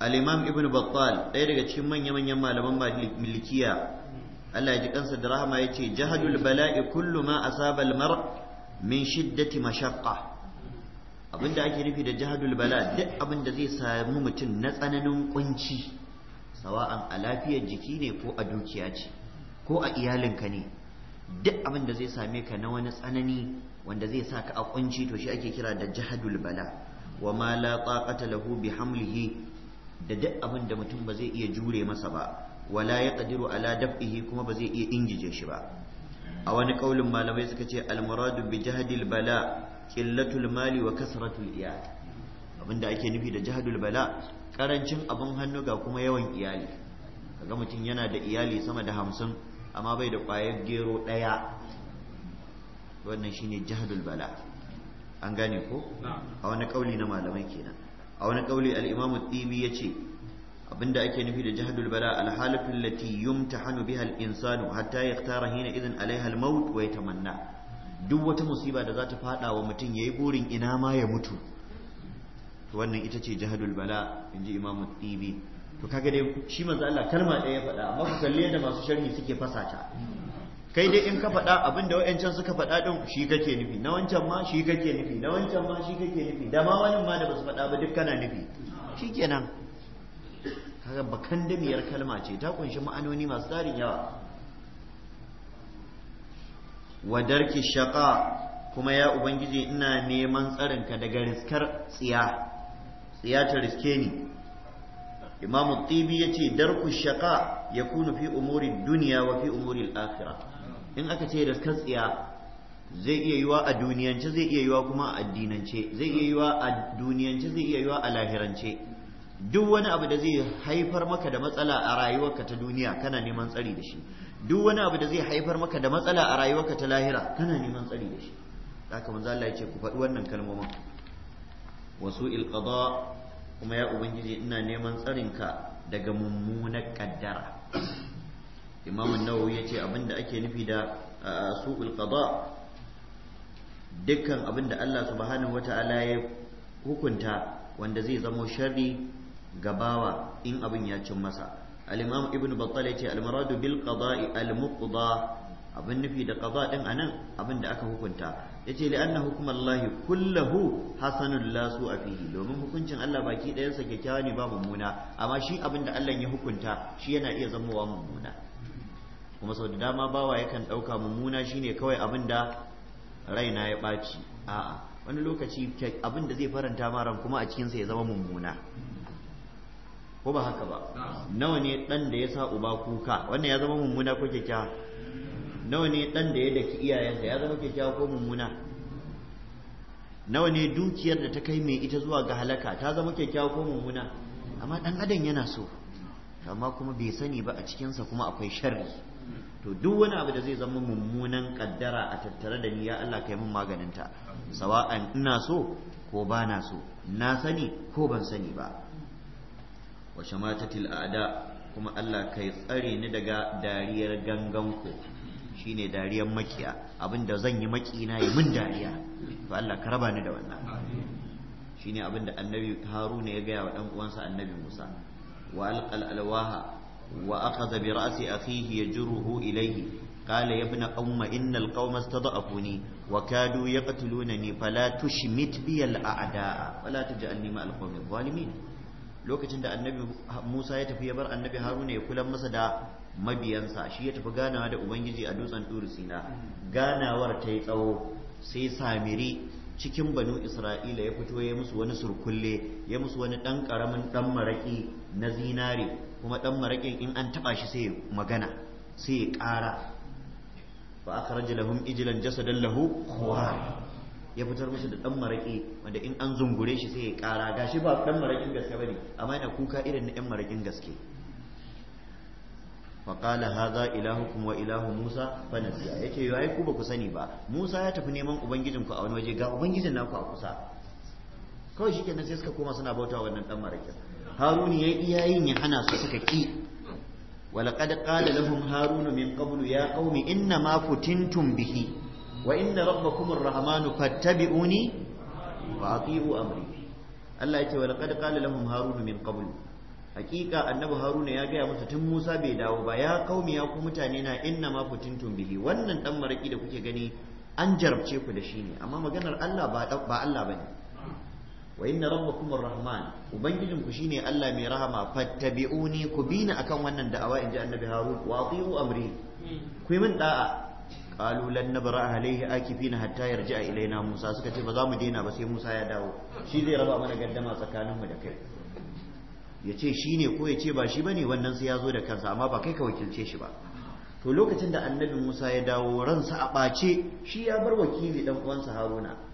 Speaker 1: Alimam ibn battal ɗaya daga cikin manya-manyan malaman milikiya Allah ya ji kansa da rahama ya ce jahadul bala'i kullu ma asaba mar min shiddati mashaqqa abinda ake nufi da jahadul bala duk abinda zai samu mutum na tsananin kunci sawa'an a lafiyar jiki ne ko a dukiya ce ko a iyalinka ne duk abinda zai same ka na wani tsanani wanda zai sa ka a kunci to shi ake kira da jahadul bala wa ma la taqata lahu bi hamlihi da duk abin da mutum ba zai iya jure masa ba wala ya kadiru ala daf'ihi kuma ba zai iya ingije shi ba a wani kaulin malamai suka ce almuradu bi jahdil bala qillatul mali wa kasratul iyal abinda ake nufi da jahdul bala karancin abin hannu ga kuma yawan iyali kaga mutum yana da iyali sama da hamsin amma bai da kwayar gero ɗaya wannan shine jahdul bala an gane ko a wani kauli na malamai kenan a wani kauli alimamu imamu ya ce abinda ake nufi da jahdul bala al-halatu allati yumtahanu biha al-insanu hatta tara hina izin alaiha al-maut wa yatamanna duk wata musiba da za ta fada wa mutum yayi burin ina ma ya mutu to wannan ita ce jahdul bala inji imamu tibi to kaga dai shi manzo Allah kalma ɗaya ya faɗa amma ku kalle da masu sharhi suke fasata kai dai in ka faɗa abin da wa'yancan suka faɗa ɗin shi kake nufi na wancan ma shi kake nufi na wancan ma shi kake nufi da ma wani ma da basu faɗa ba duk kana nufi shi kenan kaga bakan damiyar kalma ce ta kunshi ma'anoni masu tarin yawa wa darki shaqa kuma ya ubangiji ina neman tsarinka daga riskar tsiya tsiya ta riske ni imamu tibi ya ce darku shaqa ya kunu fi umuri duniya wa fi umuri al in aka ce da katsiya zai iya yiwa a duniyance zai iya yiwa kuma a addinance zai iya yiwa a duniyance zai iya yiwa a lahirance duk wani abu da zai haifar maka da matsala a rayuwarka ta duniya kana neman tsari da shi duk wani abu da zai haifar maka da matsala a rayuwarka ta lahira kana neman tsari da shi haka manzo Allah ya ce ku faɗi wannan kalmomin wasu ilqada kuma ya ubangiji ina neman tsarinka daga mummunan kaddara imam an-nawawi yace abinda ake nufi da su'ul qada dukkan abinda Allah subhanahu wata'ala ya hukunta wanda zai zamo sharri gabawa in abin ya cin masa al-imam ibn battal ce al-muradu bil qada'i al-muqda abin nufi da qada din anan abin da aka hukunta yace li anna hukmallahi kullahu hasanul la su'a fihi domin hukuncin Allah baki ɗayansa kyakkyawa ne ba mummuna amma shi abin da Allah ya hukunta shi yana iya zamowa mummuna kuma sau da dama bawa yakan ɗauka mummuna shine kawai abin da raina ya ɓaci a'a wani lokaci abin da zai faranta ma ran kuma a cikinsa ya zama mummuna ko ba haka ba nawa ne ɗan da ya sa uba kuka wannan ya zama mummuna ko kyakkyawa nawa ne ɗan da ya daki iyayensa ya zama kyakkyawa ko mummuna nawa ne dukiyar da ta kai mai ita zuwa ga halaka ta zama kyakkyawa ko mummuna amma ɗan adam yana so amma kuma bai sani ba a cikinsa kuma akwai sharri to duk wani abu da zai zama mummunan kaddara a tattare da ni ya Allah kai mun maganinta, ta sawa'an ina so ko ba na so na sani ko ban sani ba wa shamatatil a'da kuma Allah kai tsare ni daga dariyar gangan ku shine dariyar makiya abinda zan yi makina ya mun dariya to Allah ka raba ni da wannan shine abinda annabi Haruna ya gaya wa dan uwansa annabi Musa wa alqal alwaha وأخذ برأس أخيه يجره إليه قال يا ابن قوم إن القوم استضعفوني وكادوا يقتلونني فلا تشمت بي الأعداء ولا تجعلني مع القوم الظالمين lokacin da annabi Musa ya tafi ya bar annabi Haruna ya kula masa da mabiyansa shi ya tafi ganawa da Ubangiji a dutsen Turu Sina ganawar ta yi tsawo sai Samiri cikin banu Isra'ila ya fito ya musu wani surkulle ya musu wani ɗan ƙaramin ɗan maraƙi na zinare kuma dan maraƙin in an taba shi sai magana sai ya ƙara fa akhraja lahum ijlan jasadan lahu khuwar ya fitar musu da dan maraƙi wanda in an zungure shi sai ya ƙara gashi ba dan maraƙin gaske bane amma yana kuka irin na yan maraƙin gaske faƙala haza ilahukum wa ilahu musa fanasiya ya ce yayi ku ba ku sani ba musa ya tafi neman ubangijin ku a wani waje ga ubangijin naku a kusa kawai shi kenan sai suka koma suna bauta wannan dan marakin harun ya iya yin hana su suka ki walaqad qala lahum harun min qablu ya qaumi inna ma futintum bihi wa inna rabbakum arrahmanu fattabi'uni wa ati'u amri Allah ya ce walaqad qala lahum harun min qablu hakika annabi haruna ya gaya masa tun musa bai dawo ba ya kaumi ya ku mutane na inna ma wannan dan maraki da kuke gani an jarabce ku da shi ne amma maganar Allah ba Allah bane wa inna rabbakum ar-rahman ubangijin ku shine Allah mai rahama fattabi'uni ku bina akan wannan da'awa inji annabi harun wa ati'u amri ku yi min da'a qalu lan nabra alayhi akifina hatta yarji'a ilaina musa suka ce ba za mu daina ba sai musa ya dawo shi zai raba mana gaddama tsakanin mu da kai ya ce ko ya ba shi bane ne wannan sai ya zo da kansa amma ba kai ka wakilce shi ba to lokacin da annabi musa ya dawo ransa a ɓace shi ya bar wakili dan uwansa haruna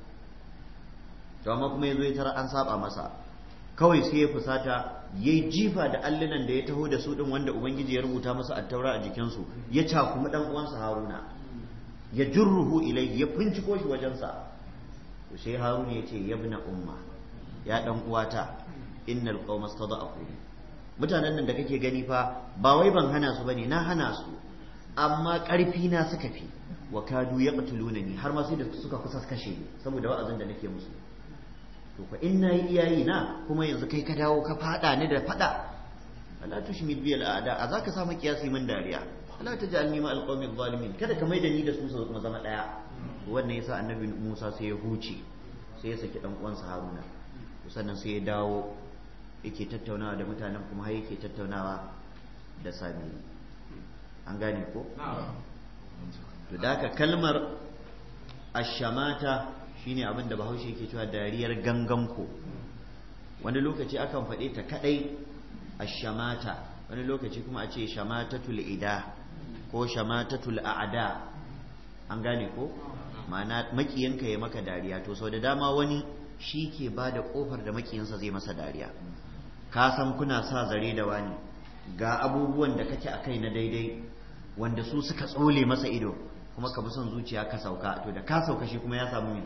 Speaker 1: to amma kuma yazo ya tara an saba masa kawai sai ya fusata yayi jifa da allunan da ya taho da su ɗin wanda ubangiji ya rubuta masa attaura a jikinsu ya ca kuma dan uwansa haruna ya jurruhu ilai ya finciko shi wajensa to sai haruna ya ce ya bina umma ya dan uwata innal qawma stada'u mutanen nan da kake gani fa ba wai ban hana su bane na hana su amma ƙarfi na suka fi wa kadu ya ni har ma sai da suka kusa kashe ni saboda wa'azin da nake musu to fa in nayi iyayi na kuma yanzu kai ka dawo ka fada ni da fada ala tushmid bi al'ada a zaka samu kiyasi min dariya ala tajalni ma qawmi zalimin kada ka maida ni da su su zama daya wannan yasa annabi Musa sai ya huce sai ya saki dan uwansa Haruna sannan sai ya dawo yake tattaunawa da mutanen kuma har yake tattaunawa da sami an gane ko to da kalmar ashamata shine abin da bahaushe yake cewa dariyar ko wani lokaci akan faɗe ta kaɗai a shamata wani lokaci kuma a ce shamatatul ida ko shamatatul a'ada an gane ko ma'ana makiyanka ya maka dariya to sau da dama wani shi ke ba da ƙofar da makiyansa zai masa dariya ka san kuna sa zare da wani ga abubuwan da kake a kai na daidai wanda su suka tsole masa ido kuma ka bi son zuciya ka sauka to da ka sauka shi kuma ya samu ne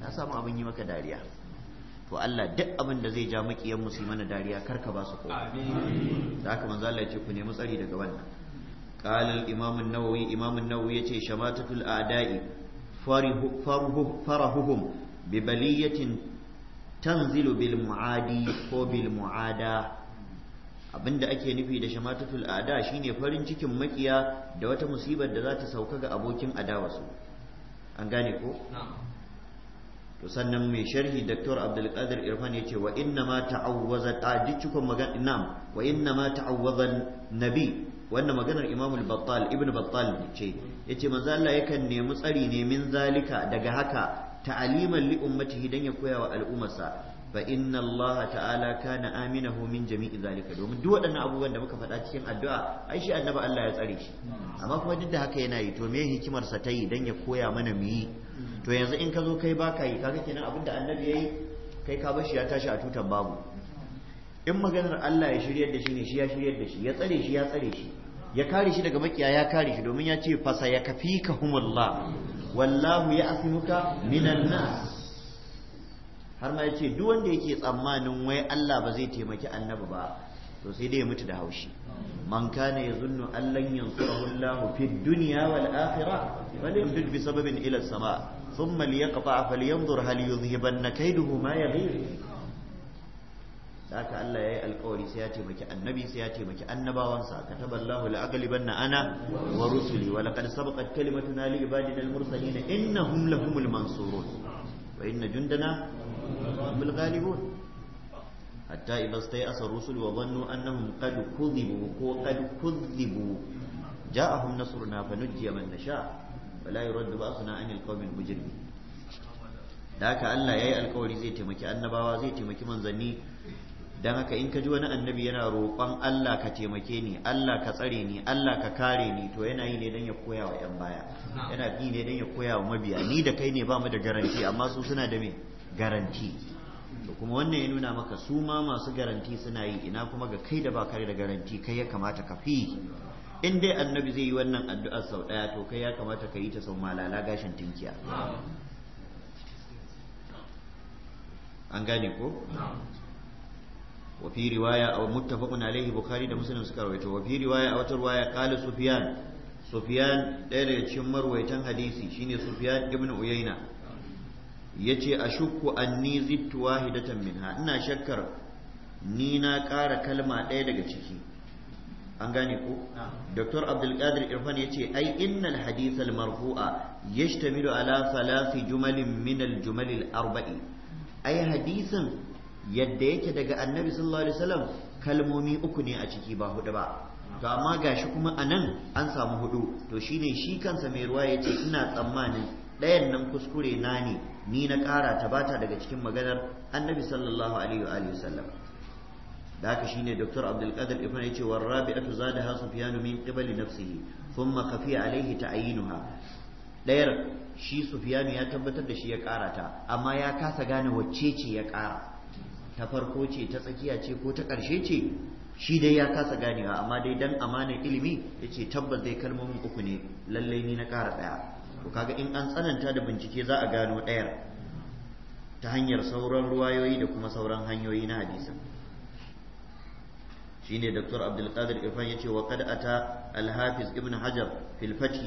Speaker 1: na samu abin yi maka dariya to Allah duk abin da zai ja makiyan musulmai dariya karka ba su ko da haka manzo Allah ya ce ku nemi tsari daga wannan qala al-imam an-nawawi imam an-nawawi yace shamatatul a'da'i farahuhum bi baliyatin tanzilu bil mu'adi ko bil mu'ada abinda ake nufi da shamatatul a'da shine farin cikin makiya da wata musibar da za ta sauka ga abokin adawa su an gane ko to sannan mai sharhi Dr. Abdulkadir Irfan yace wa inna ma ta'awwaza adicikon magana nam wa inna ma ta'awwaza nabi wannan maganar Imam al-Battal Ibn Battal ce yace manzo Allah yakan nemi tsari ne min zalika daga haka ta'aliman li ummatihi dan ya koya wa al'ummarsa fa inna Allah ta'ala kana aminahu min jami'i zalika domin duk wadannan abubuwan da muka fada cikin addu'a ai shi annabi Allah ya tsare shi amma kuma duk da haka yana yi to me hikimar sa ta yi dan ya koya mana mu yi to yanzu in ka zo kai baka yi kaga kenan abin da annabi yayi kai ka bar shi ya tashi a tutan babu in maganar Allah ya shiryar da shi ne shi ya shiryar da shi ya tsare shi ya tsare shi ya kare shi daga makiya ya kare shi domin ya ce fasa ya kafi ka humullah wallahu ya asimuka minan nas har ma ce duk wanda yake tsammanin wai Allah ba zai taimaki annabi ba to sai dai ya mutu da haushi man kana yazunnu an lan yansurahu Allah fi dunya wal akhirah falyamdud bi sababin ila sama thumma liyaqta falyanzur hal yuzhibanna kayduhu ma yaghir haka Allah ya yi alkawari sai ya taimaki annabi sai ya taimaki annabawansa kataba Allahu la'aghlibanna ana wa rusuli wa laqad sabaqat kalimatuna li ibadina al-mursalin innahum lahumul mansurun wa inna jundana هم الغالبون حتى إذا استيأس الرسل وظنوا أنهم قد كذبوا وقد كذبوا جاءهم نصرنا فنجي من نشاء ولا يرد بأسنا عن القوم المجرمين da haka Allah ya yi alkawari zai taimaki annabawa zai taimaki manzanni dan haka in ka ji wani annabi yana roƙon Allah ka taimake ni Allah ka tsare ni Allah ka kare ni to yana yi ne dan ya koya wa 'yan baya yana yi ne dan ya koya wa mabiya ni da kai ne ba mu da garanti amma su suna da me garanti to kuma wannan ya nuna maka su ma masu garanti suna yi ina kuma ga kai da ba kai da garanti kai ya kamata ka fi in dai annabi zai yi wannan addu'ar sau ɗaya to kai ya kamata ka yi ta sau malala gashin tinkiya an gane ko wa fi riwaya aw muttafaqun alaihi bukhari da muslim suka rawaito wa fi riwaya aw tarwaya qala sufyan sufyan ɗaya daga cikin marwaitan hadisi shine sufyan ibn uyayna yace ni zittuwa zittu min ha ina shakkar ni na ƙara kalma ɗaya daga ciki an gane ko dr abdulkadir irfan ya ce ai innal hadisal al marfu'a yashtamilu ala salasi jumalin min al jumal al arba'i ai hadisin yadda yake daga annabi sallallahu alaihi wasallam kalmomi uku ne a ciki ba hudu ba to amma gashi kuma anan an samu hudu to shine shi kansa mai ruwa ce ina tsammanin ɗayan nan kuskure na ne ni na ƙara ta bata daga cikin maganar annabi sallallahu alaihi wa alihi sallam da haka shine dr abdulkadir ibn yace war rabi'atu zadaha sufyan min qibali nafsihi thumma khafi alaihi ta'yinuha dayar shi sufyan ya tabbatar da shi ya ƙara ta amma ya kasa gane wacce ce ya ƙara ta farko ce ta tsakiya ce ko ta ƙarshe ce shi dai ya kasa ganewa amma dai dan amanar ilimi yace tabbas dai kalmomin uku ne lallai ni na ƙara ɗaya to kaga in an tsananta da bincike za a gano ɗayar ta hanyar sauran ruwayoyi da kuma sauran hanyoyi na hadisin shine Dr. Abdulkadir Irfan ce wa qad ata al-Hafiz Ibn Hajar fil Fath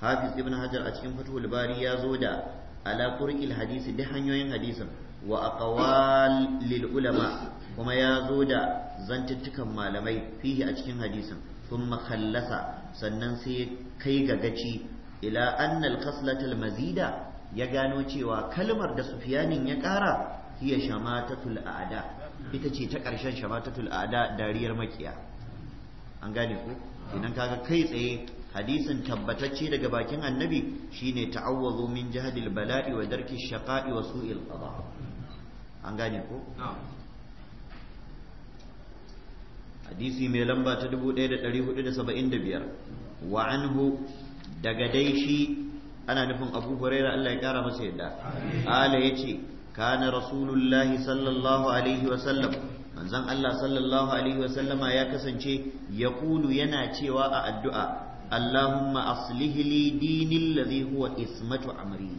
Speaker 1: Hafiz Ibn Hajar a cikin Fathul Bari ya zo da ala hadisi da hanyoyin hadisin wa aqwal lil ulama kuma ya zo da zantuttukan malamai fihi a cikin hadisin kuma khallasa sannan sai kai ga gaci ila anna al mazida ya gano cewa kalmar da sufyanin ya ƙara hiya shamatatul aada ita ce ta ƙarshen shamatatul aada dariyar makiya an gane ku kenan kaga kai tsaye hadisin tabbatacce daga bakin annabi shine ta'awwazu min jahadil bala'i wa darki shaqa'i wa su'il qada an gane ku? hadisi mai lamba ta 1475 wa anhu daga dai shi ana nufin abu huraira Allah ya kara masa yadda ala ya ce kana rasulullahi sallallahu alaihi wasallam manzan Allah sallallahu alaihi wasallama ya kasance ya kulu yana cewa a addu'a Allahumma aslihi li dini huwa ismatu amri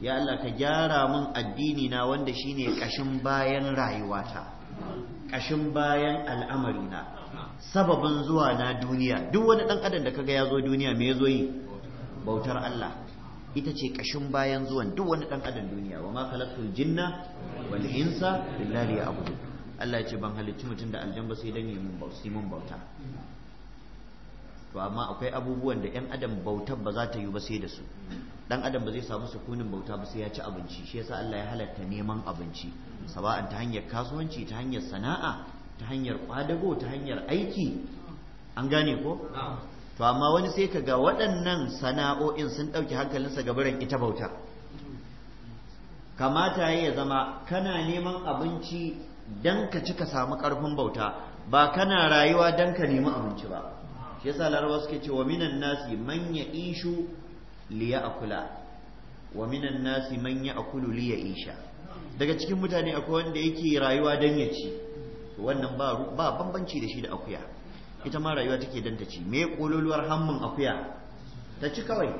Speaker 1: ya Allah ka gyara mun addini na wanda shine kashin bayan rayuwata kashin bayan al'amarina sababin zuwa na duniya duk wani ɗan adam da kaga ya zo duniya me ya zo yi bautar Allah ita ce kashin bayan zuwan duk wani dan adam duniya wa ma khalaqtul jinna wal insa illa liya'budun Allah ya ce ban halicci mutum da aljan sai dan yi mun bauta mun bauta to amma akwai abubuwan da yan adam bautar ba za ta yi ba sai da su dan adam ba zai samu sukunin bauta ba sai ya ci abinci shi yasa Allah ya halatta neman abinci saba'an ta hanyar kasuwanci ta hanyar sana'a ta hanyar kwadago ta hanyar aiki an gane ko to amma wani sai ka ga waɗannan sana'o'in sun ɗauki hankalinsa ga biran ita bauta kamata ya zama kana neman abinci don ka ci ka samu ƙarfin bauta ba kana rayuwa don ka nemi abinci ba shi yasa larabawa suke ce wa minan nasi man ishu liya akula wa minan nasi man ya akulu liya isha daga cikin mutane akwai wanda yake rayuwa don ya ci wannan ba bambanci da shi da akuya ita ma rayuwa take dan ta ci me kololuwar hammun akuya ta ci kawai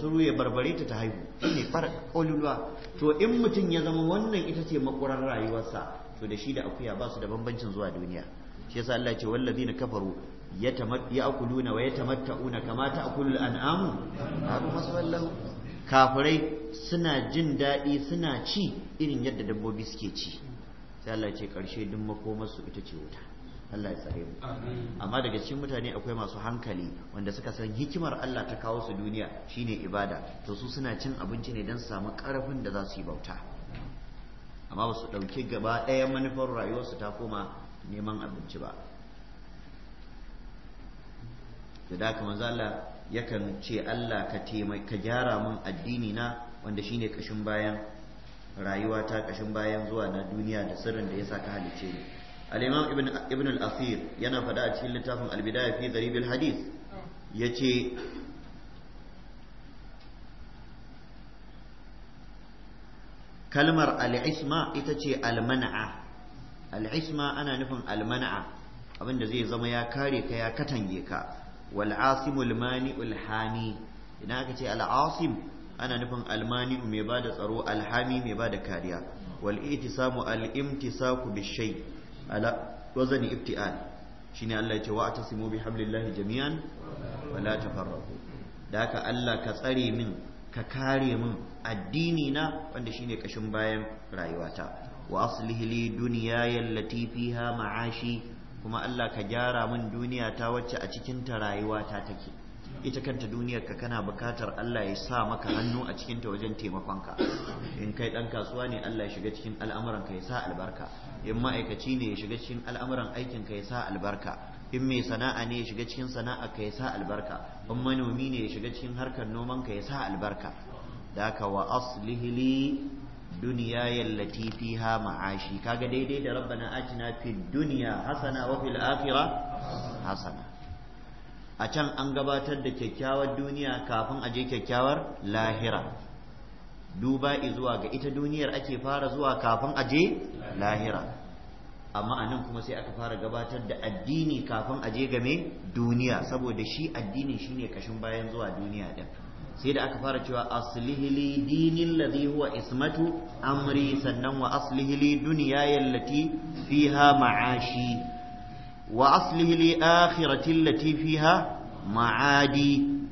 Speaker 1: suru ya barbare ta ta haihu ne far kololuwa to in mutum ya zama wannan ita ce makurar rayuwarsa to da shi da akuya ba su da bambancin zuwa duniya shi yasa Allah ya ce wallazina kafaru ya'kuluna wa yatamatta'una kama ta'kulul an'amu masallahu kafirai suna jin daɗi suna ci irin yadda dabbobi suke ci sai Allah ya ce ƙarshe duk makomarsu ita ce wuta Allah ya tsare mu amma daga cikin mutane akwai masu hankali wanda suka san hikimar Allah ta kawo su duniya shine ibada to su suna cin abinci ne don su samu karfin da za su yi bauta amma ba su ɗauki gaba ɗaya manufar rayuwarsu ta koma neman abinci ba da da kamar Allah yakan ce Allah ka ka gyara mun addini na wanda shine kashin bayan rayuwa ta kashin bayan zuwa na duniya da sirrin da yasa ka halice ni al ibn al-asir yana faɗa a cikin littafin al-bidaya fi gharib al-hadith yace kalmar al'isma ita ce al al'isma ana nufin al-man'a abinda zai zama ya kare ka ya katange ka wal asimul ulhami idan aka ce al'asim ana nufin almani mai ba da tsaro alhami mai ba da kariya wal itisamu al imtisaku bishai ala wazani ibti'al shine Allah ya ce wa atasimu bi hablillahi jami'an wa la tafarraqu da haka Allah ka tsare min ka kare min addini na wanda shine kashin bayan rayuwata wa aslih li dunyaya allati fiha ma'ashi kuma Allah ka gyara min duniya ta wacce a cikin ta rayuwata take ita kanta duniyarka kana bukatar Allah ya sa maka hannu a cikin ta wajen taimakonka in kai ɗan kasuwa ne Allah ya shiga cikin al'amuran ka ya sa albarka in ma'aikaci ne ya shiga cikin al'amuran aikin ka ya sa albarka in mai sana'a ne ya shiga cikin sana'a ka ya sa albarka in manomi ne ya shiga cikin harkar noman ka ya sa albarka da ka wa aslihi duniya yallati fiha ma'ashi kaga daidai da rabbana atina fid dunya hasana wa fil akhirah hasana a can an gabatar da kyakkyawar duniya kafin a je kyakkyawar lahira duba zuwa ga ita duniyar ake fara zuwa kafin a je lahira amma anan kuma sai aka fara gabatar da addini kafin a je game duniya saboda shi addini shine kashin bayan zuwa duniya din sai da aka fara cewa aslihili dinin ladhi huwa ismatu amri sannan wa aslihili dunyaya allati fiha ma'ashi wa aslihi li akhirati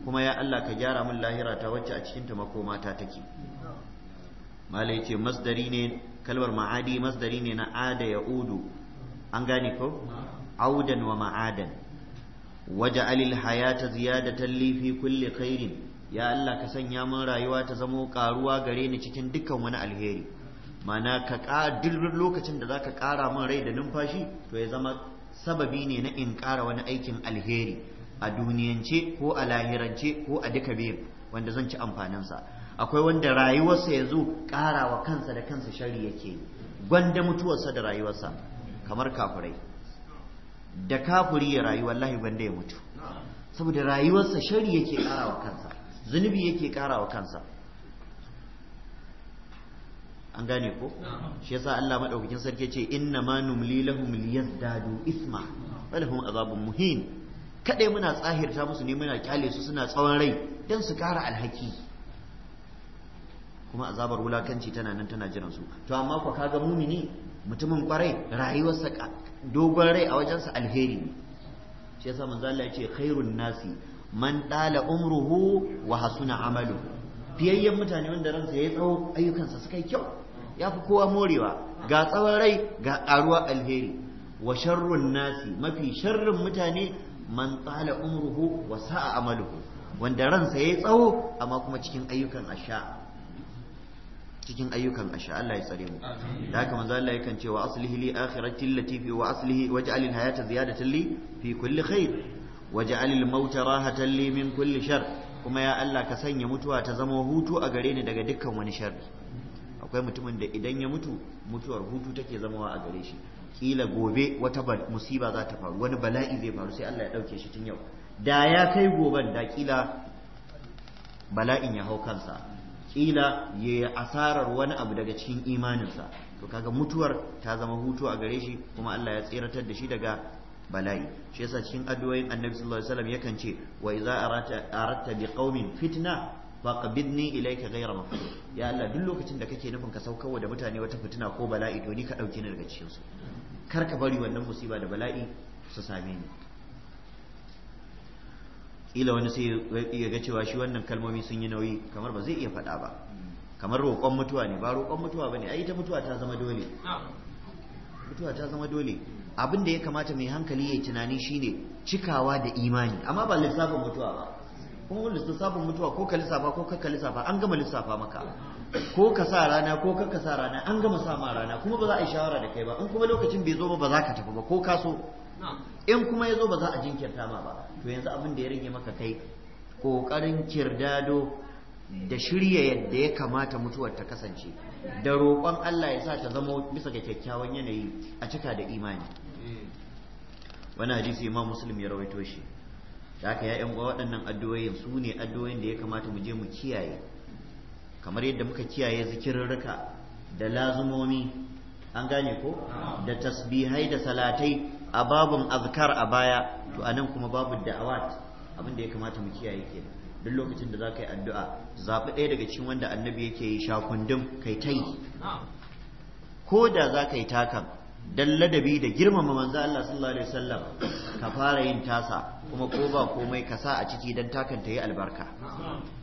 Speaker 1: kuma ya Allah ka gyara min lahira ta wacce a cikin ta makoma ta take malai ce ma'adi masdari ne na ada ya udu an gani ko audan wa ma'adan waj'alil hayata ziyadatan li fi kulli khairin ya Allah ka sanya mun rayuwa ta zama karuwa gare ni cikin dukkan wani alheri mana ka ka dukkan lokacin da zaka kara min rai da numfashi to ya zama sababi ne na in ƙara wani aikin alheri a duniyance ko a lahirance ko a duka biyu wanda zan ci amfaninsa akwai wanda rayuwarsa ya zo ƙara wa kansa da kansa shari yake gwanda mutuwarsa da rayuwarsa kamar kafurai da kafuri ya rayu wallahi gwanda ya mutu saboda rayuwarsa shari yake wa kansa zunubi yake wa kansa an gane ko shi yasa Allah madaukakin sarki ce inna ma numli lahum liyazdadu isma walahum azabun muhin kadai muna tsahirta musu ne muna kyale su suna tsawon rai dan su kara alhaki kuma azabar wulakanci tana nan tana jiran su to amma ko kaga mumini mutumin kwarai rayuwarsa dogon rai a wajensa alheri shi yasa manzo Allah yace ce khairun nasi man dala umruhu wa hasuna amalu fiyayyen mutane wanda ransa ya tsawo ayyukansa suka yi kyau ya fi kowa morewa ga tsawon rai ga ƙaruwa alheri wa sharrun nasi mafi sharrin mutane man tsala umruhu wa sa'a amaluhu wanda ransa yayi tsawo amma kuma cikin ayyukan asha cikin ayyukan asha Allah ya tsare mu da haka manzo Allah yakan cewa aslihi li akhirati allati fi wa aslihi waj'al al hayata ziyadatan li fi kulli khair waj'al al mauta rahatan li min kulli shar kuma ya Allah ka sanya mutuwa ta zama hutu a gare ni daga dukkan wani sharri akwai mutumin da idan ya mutu mutuwar hutu take zamawa a gare shi kila gobe wata musiba za ta faru wani bala'i zai faru sai Allah ya ɗauke shi tun yau da ya kai goben da kila bala'in ya hau kansa kila ya asarar wani abu daga cikin imaninsa to kaga mutuwar ta zama hutu a gare shi kuma Allah ya tseratar da shi daga bala'i shi yasa cikin addu'o'in Annabi sallallahu alaihi wasallam yakan ce wa iza a aratta biqaumin fitna faqbidni ilayka ghayra mafqud ya Allah duk lokacin da kake nufin ka wa da mutane wata fitina ko bala'i to ni ka dauke ni daga cikin su kar ka bari wannan musiba da bala'i su same ni ila wani sai ya ga cewa shi wannan kalmomi sun yi nauyi kamar ba zai iya faɗa ba kamar roƙon mutuwa ne ba roƙon mutuwa bane ai ta mutuwa ta zama dole mutuwa ta zama dole abin da ya kamata mai hankali ya tunani shine cikawa da imani amma ba lissafin mutuwa ba ko lissafin mutuwa ko ka lissafa ko ka lissafa an gama lissafa maka ko ka sa rana ko ka sa rana an gama sa ma rana kuma ba za a yi shawara da kai ba in kuma lokacin bai zo ba ba za ka tafi ba ko ka so in kuma ya zo ba za a jinkirta ma ba to yanzu abin da ya rage maka kai kokarin kirdado da shirya yadda ya kamata mutuwar ta kasance da roƙon Allah ya sa ta zama bisa ga kyakkyawan yanayi a cika da imani eh. wani hadisi ma musulmi ya rawaito shi da haka ya uwa waɗannan addu'o'in su ne addu'o'in da ya kamata mu je mu kiyaye kamar yadda muka kiyaye zikirarruka da lazumomi an gane ko da tasbihai da salatai a babun azkar a baya to a nan kuma babu da'awat abin da ya kamata mu kiyaye ke duk lokacin da za ka yi addu'a zaɓi ɗaya daga cikin wanda annabi yake yi shakundum kai ta yi ko da za ka yi takan dan ladabi da girmama manzo Allah sallallahu alaihi wasallam ka fara yin tasa kuma ko ba komai ka sa a ciki dan takan ta yi albarka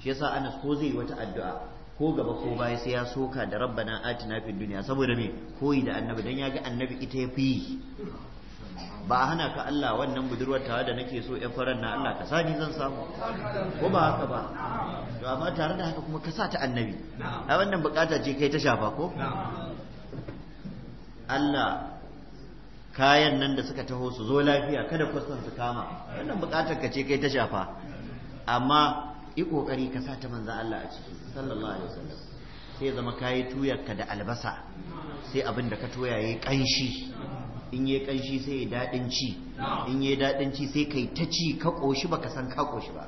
Speaker 1: shi yasa Anas ko zai wata addu'a ko gaba ko baya sai ya soka da rabbana atina fid dunya saboda me koyi da annabi dan yaga annabi ita yafi ba hana ka Allah wannan budurwar tawa da nake so ɗan faran na Allah ka sani zan samu ko ba haka ba to amma tare da haka kuma ka sa ta annabi a wannan bukata ce kai ta shafa ko Allah kayan nan da suka taho su zo lafiya kada kwastan su kama wannan bukatar ka ce kai ta shafa amma yi kokari ka sa ta manzan Allah a ciki sallallahu alaihi wasallam sai zama kayi ka da albasa sai abin da ka toya yayi kanshi in yayi kanshi sai ya dadin ci in yayi dadin ci sai kai ta ci ka koshi baka san ka koshi ba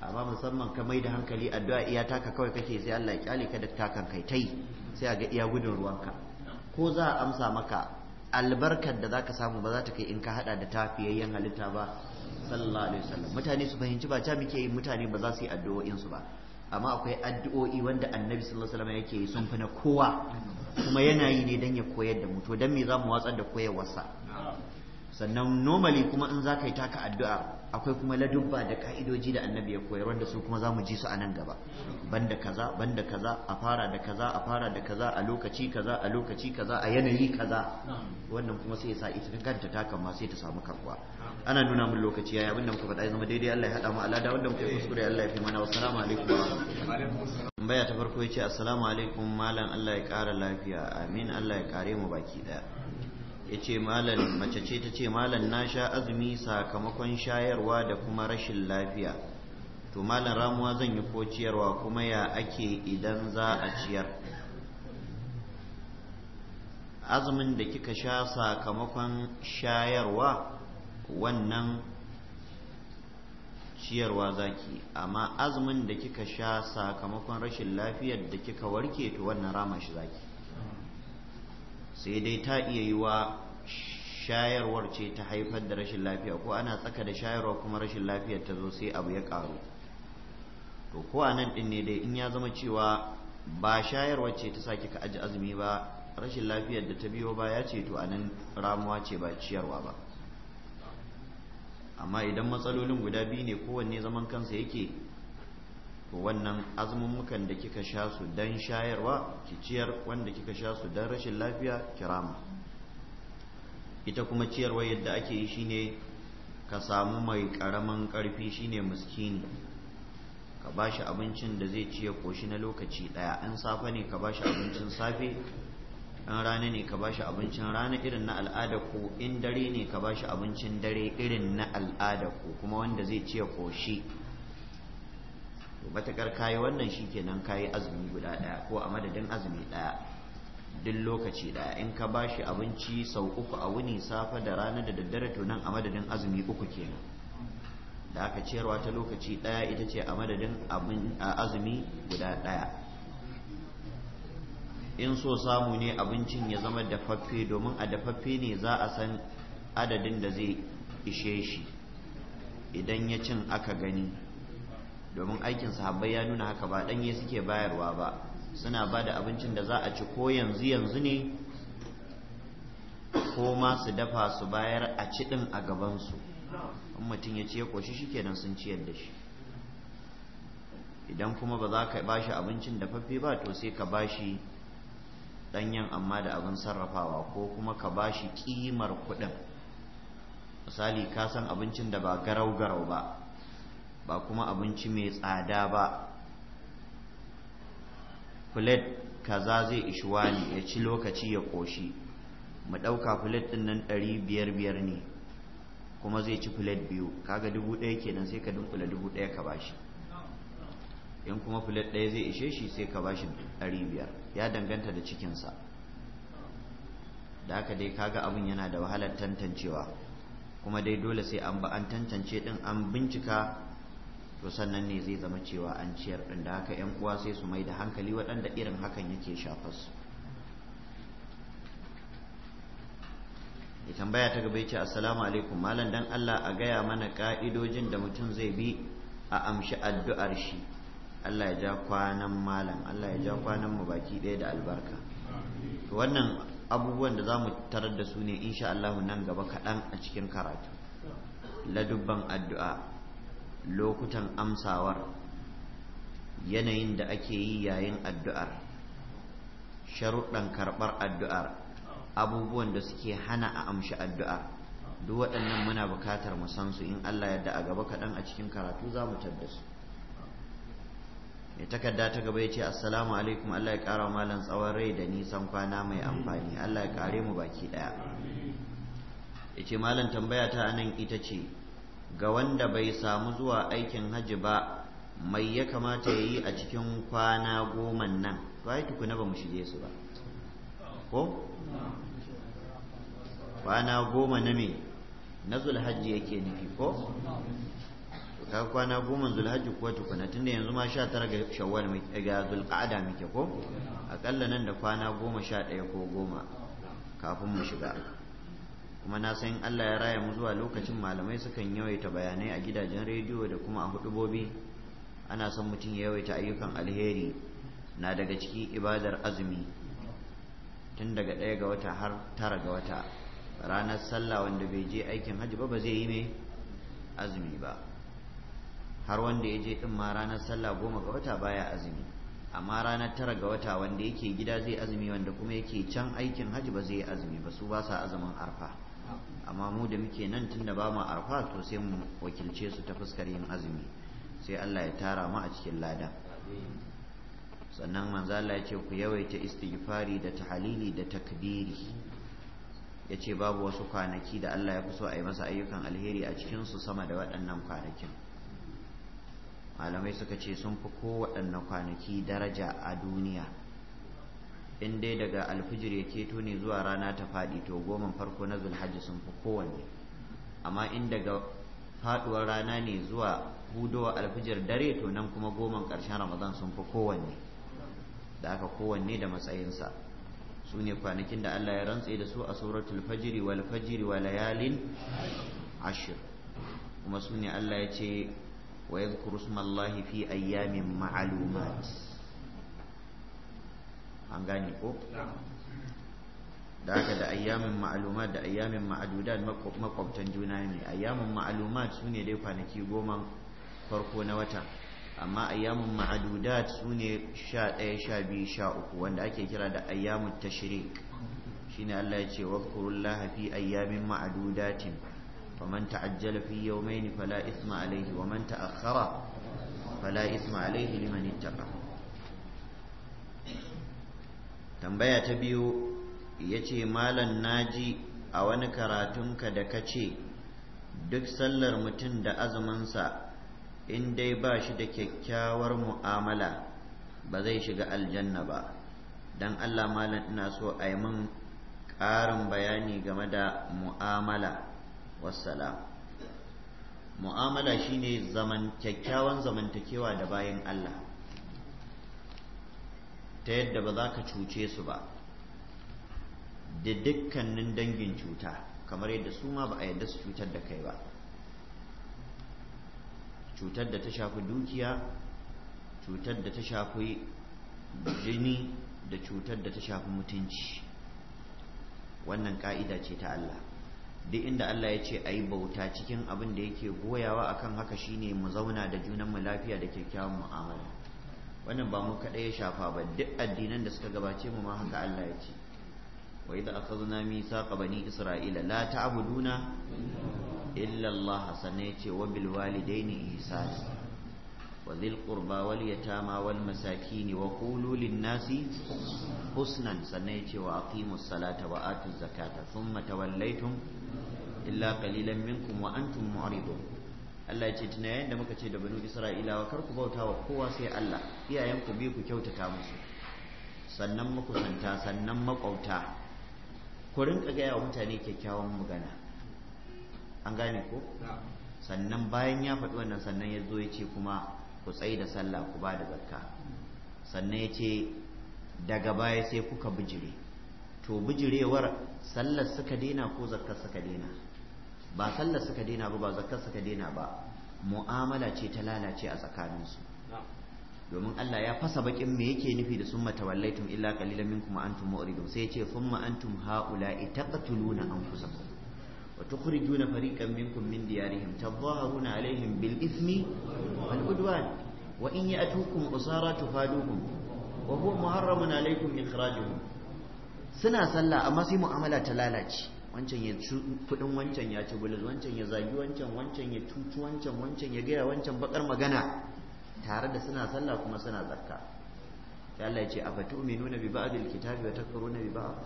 Speaker 1: amma musamman ka mai da hankali addu'a iya taka kawai kake sai Allah ya kyale ka da takan kai tai sai a ga iya gudun ruwanka ko za a amsa maka albarkar da za ka samu ba za ta kai in ka hada da tafiyayyen halitta ba sallallahu alaihi wasallam mutane su fahimci ba ta muke yi mutane ba za su yi addu'o'in su ba amma akwai addu'o'i wanda annabi sallallahu alaihi wasallam yake yi sun fi na kowa kuma yana yi ne dan ya koyar da mu to dan me za mu watsar da koyarwarsa sannan normally kuma in za ka yi taka addu'a akwai kuma ladubba da ka'idoji da annabi ya koyar wanda su kuma za mu ji su a nan gaba banda kaza banda kaza a fara da kaza a fara da kaza a lokaci kaza a lokaci kaza a yanayi kaza wannan kuma sai ya sa ita kanta taka ma sai ta samu karbuwa ana nuna mun lokaci abin abinda muka faɗa ya zama daidai Allah ya haɗa mu alada wanda muke kuskure Allah ya fi mana assalamu alaikum wa rahmatullahi tambaya ta farko yace assalamu alaikum malam Allah ya ƙara lafiya amin Allah ya kare mu baki daya ya ce mace ce ta ce malam na sha azumi sakamakon shayarwa da kuma rashin lafiya to malam ramuwa zan yi ko ciyarwa kuma ya ake idan za a ciyar azumin da kika sha sakamakon shayarwa wannan ciyarwa zaki amma azumin da kika sha sakamakon rashin lafiyar da kika warke to wannan rama shi zaki sai dai ta iya yi wa shayarwar ce ta haifar da rashin lafiya ko ana tsaka da shayarwa kuma rashin lafiyar ta zo sai abu ya karu to ko a nan din ne dai in ya zama cewa ba shayarwar ce ta sake ka aji azumi ba rashin lafiyar da ta biyo ba ya ce to a nan ramuwa ce ba ciyarwa ba amma idan matsalolin guda biyu ne kowanne zaman kansa yake to wannan azumin da kika sha su dan shayarwa ki ciyar wanda kika sha su dan rashin lafiya kirama ita kuma ciyarwa yadda ake yi shine ka samu mai karaman karfi shine miskini ka bashi abincin da zai ciye koshi na lokaci daya an safe ne ka bashi abincin safe an rana ne ka bashi abincin rana irin na al'ada ko in dare ne ka bashi abincin dare irin na al'ada ko kuma wanda zai ciye koshi to matakar kayi wannan shi nan kayi azumi guda daya ko a madadin azumi daya duk lokaci daya in ka bashi abinci sau uku a wuni safa da rana da daddare to nan a madadin azumi uku kenan da aka ciyarwa ta lokaci daya ita ce a madadin azumi guda daya in so samu ne abincin ya zama dafaffe domin a dafaffe ne za a san adadin da zai ishe shi idan ya cin aka gani domin aikin sahabbai ya nuna haka ba danye suke bayarwa ba suna ba da abincin da za a ci ko yanzu yanzu ne ko ma su dafa su bayar a ci din a gabansu in mutum ya ci ya koshi shi kenan sun ciyar da shi idan kuma ba za ka ba shi abincin dafaffe ba to sai ka ba shi ɗanyen amma da abin sarrafawa ko kuma ka ba shi ƙimar kuɗin misali ka san abincin da ba garau-garau ba ba kuma abinci mai tsada ba filet kaza zai ishi wani ya ci lokaci ya ƙoshi mu ɗauka filet ɗin nan ɗari biyar biyar ne kuma zai ci filet biyu kaga dubu ɗaya kenan sai ka dunkula dubu ɗaya ka bashi in kuma filet ɗaya zai ishe shi sai ka bashi ɗari biyar ya danganta da cikinsa da haka dai kaga abin yana da wahalar tantancewa kuma dai dole sai an ba an tantance ɗin an bincika to sannan ne zai zama cewa an ciyar din da haka yan uwa sai su mai da hankali waɗanda irin hakan yake shafas. ya tambaya ta gaba ce assalamu alaikum malam dan Allah a gaya mana ƙa'idojin da mutum zai bi a amshi addu'ar shi Allah ya ja kwanan malam Allah ya ja kwanan mu baki ɗaya da albarka to wannan abubuwan da zamu tarar da su ne insha Allah nan gaba kaɗan a cikin karatu ladubban addu'a lokutan amsawar yanayin da ake yi yayin addu'ar sharuɗan karɓar addu'ar abubuwan da suke hana a amshi addu'ar duk waɗannan muna buƙatar mu in Allah yadda a gaba kaɗan a cikin karatu za mu tadda su takarda ta gaba ya ce assalamu alaikum Allah ya ƙara malam tsawon rai da nisan kwana mai amfani Allah ya ƙare mu baki ɗaya ya ce malam tambaya ta nan ita ce ga wanda bai samu zuwa aikin hajji ba mai ya kamata ya yi a cikin kwana goma nan ba tukuna ba mu shige su ba ko kwana goma na me na zulhajji yake nufi ko ka kwana goma zulhajji ko tukuna tunda yanzu ma sha tara ga shawar ga zulƙada muke ko akalla nan da kwana goma sha ɗaya ko goma kafin mu shiga kuma na san Allah ya raya mu zuwa lokacin malamai sukan yawaita bayanai a gidajen rediyo da kuma a hudubobi ana son mutum ya yawaita ayyukan alheri na daga ciki ibadar azumi tun daga ɗaya ga wata har tara ga wata ranar sallah wanda bai je aikin hajji ba ba zai yi mai azumi ba har wanda ya je ɗin ma ranar sallah goma ga wata baya azumi amma ranar tara ga wata wanda yake gida zai azumi wanda kuma yake can aikin hajji ba zai azumi ba su ba sa azumin arfa amma mu da muke nan tunda ba mu arfa to sai mu wakilce su ta fuskar yin azumi sai Allah ya tara mu a cikin lada sannan manzo Allah ya ce ku yawaita istighfari da tahalili da takbiri ya ce babu wasu kwanaki da Allah ya fi so a yi masa ayyukan alheri a cikin su sama da waɗannan kwanakin malamai suka ce sun fi kowaɗanne kwanaki daraja a duniya in dai daga alfijir ya keto ne zuwa rana ta faɗi to goma farko na zulhajji sun fi kowanne amma in daga faɗuwar rana ne zuwa hudowa alfijir dare to nan kuma goman ƙarshen ramadan sun fi kowanne da aka kowanne da matsayinsa su ne kwanakin da Allah ya rantse da su a suratul fajiri wal fajiri wa layalin ashir kuma su ne Allah ya ce wa yadhkuru smallahi fi ayyamin ma'lumat an gane ko da aka da ayyamin ma'alumat da ayyamin ma'adudat makwabtan juna ne ayyamin ma'alumat su ne dai kwanaki goma farko na wata amma ayyamin ma'adudat su ne sha ɗaya sha biyu sha uku wanda ake kira da ayyamin tashrik shine Allah ya ce wazkurullah fi ayyamin ma'adudatin faman ta'ajjala fi yawmayn fala ithma alayhi wa man ta'akhkhara fala ithma alayhi liman ittaqa tambaya ta biyu ya ce malam ji a wani karatunka da ka ce duk sallar mutum da azuminsa in dai ba shi da kyakkyawar mu'amala ba zai shiga aljanna ba don allah malam ina so a yi min ƙarin bayani game da mu'amala wassalam mu'amala shine zaman kyakkyawan zamantakewa da bayan allah ta yadda ba za ka cuce su ba da dukkanin dangin cuta kamar yadda su ma ba a yadda su cutar da kai ba cutar da ta shafi dukiya cutar da ta shafi jini da cutar da ta shafi mutunci wannan ka'ida ce ta Allah duk inda Allah ya ce a yi bauta cikin abin da yake goyawa akan haka shine mu zauna da junanmu lafiya da kyakkyawan mu'amala wannan ba mu kaɗai ya shafa ba duk addinan da suka gabace mu ma haka Allah ya ce wa idza akhadna mithaqa bani isra'ila la ta'buduna illa Allah sannan ya ce wa bil walidaini ihsana wa dhil qurba wal yatama wal masakin wa qulu lin nasi husnan sannan ya ce wa aqimus salata wa atuz zakata thumma tawallaytum illa qalilan minkum wa antum mu'ridun Allah ya ce tuna yayin muka ce da banu Isra'ilawa kar ku bauta wa kowa sai Allah iyayen ku bi ku kyautata musu sannan makusanta sannan makauta ku rinka gaya wa mutane kyakkyawan magana an gane ko sannan bayan ya faɗi wannan sannan ya zo ya ce kuma ku tsayi da sallah ku bada zakka sannan ya ce daga baya sai kuka bijire to bijirewar sallar suka daina ko zakkar suka daina ba sallar suka daina ba ba zakar suka daina ba mu'amala ce ta lalace a tsakaninsu domin Allah ya fasa bakin me yake nufi da summa tawallaitum illa qalilan minkum antum mu'ridun sai yace summa antum haula'i taqtuluna anfusakum wa tukhrijuna fariqan minkum min diyarihim tadhaharuna alaihim bil ithmi wal udwan wa in ya'tukum usara tufaduhum wa huwa muharramun alaikum ikhrajuhum suna sallah amma sai mu'amala ta lalace wancan ya ci kudin wancan ya ci bulus wancan ya zagi wancan wancan ya cuci wancan wancan ya gaya wancan bakar magana tare da suna sallah kuma suna zakka ya Allah ya ce nuna bi ba'dil kitabi wa takfuru bi ba?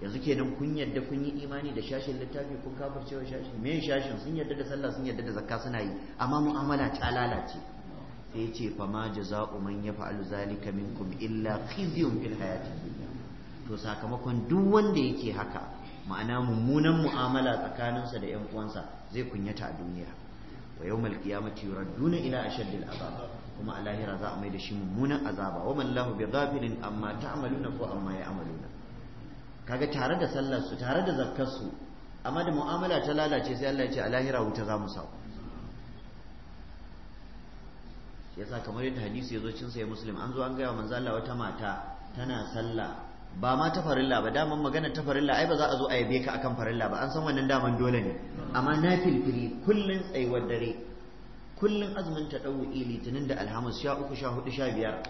Speaker 1: yanzu kenan kun yadda kun yi imani da shashin littafi kun kafirce wa shashin me shashin sun yadda da sallah sun yadda da zakka suna yi amma mu'amala ta lalace sai ce fa ma jaza'u man yaf'alu zalika minkum illa khizyun fil hayatid dunya to sakamakon duk wanda yake haka ma'ana mummunan mu'amala tsakaninsa da yan uwansa zai kunyata a duniya wa yawmal qiyamati yuraduna ila ashaddil azab kuma a lahira za a mai da shi mummunan azaba wa mallahu bi ghafilin amma ta'maluna ko amma ya'maluna kaga tare da sallar su tare da zakkar su amma da mu'amala ta lalace sai Allah ya ce a lahira wuta za mu Ya yasa kamar yadda hadisi ya zo cin sai muslim an zo an gaya wa manzo Allah wata mata tana sallah ba ma ta farilla ba daman magana ta farilla ai ba za a zo a yabe ka akan farilla ba an san wannan daman dole ne amma na filfili kullun tsayuwar dare kullun azumin ta dawo litinin da alhamis sha uku sha hudu sha biyar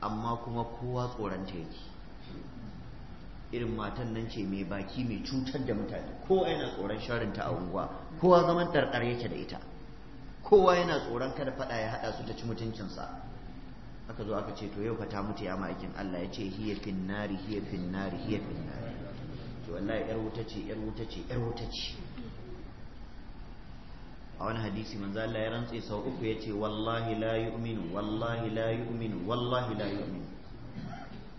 Speaker 1: amma kuma kowa tsoron ta yake irin matan nan ce mai baki mai cutar da mutane kowa yana tsoron sharin ta a unguwa kowa zaman ɗarɗar yake da ita kowa yana tsoron kada faɗa ya haɗa su ta ci mutuncinsa aka zo aka ce to yau ka ta mutu ya ma'aikin Allah ya ce hiya nari hiya nari hiya nari to wallahi yar wuta ce yar wuta ce yar wuta ce a wani hadisi manzo Allah ya rantse sau uku yace wallahi la yu'minu wallahi la yu'minu wallahi la yu'minu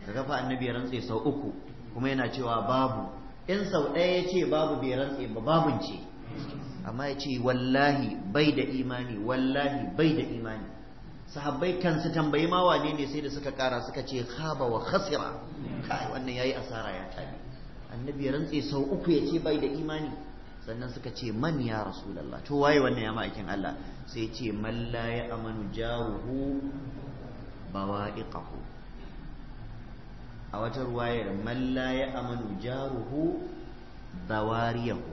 Speaker 1: kaga fa annabi ya rantse sau uku kuma yana cewa babu in sau ɗaya ya ce babu bai rantse ba babun ce amma ya ce wallahi bai da imani wallahi bai da imani sahabbai kan su tambayi ma wane ne sai da suka kara suka ce khaba wa khasira kai wannan yayi asara ya tabi annabi ya rantse sau uku ya ce bai da imani sannan suka ce man ya rasulullah to waye wannan ya ma'aikin Allah sai ce man ya amanu jaruhu bawa'iqahu a wata ruwayar man la ya amanu jaruhu bawariyahu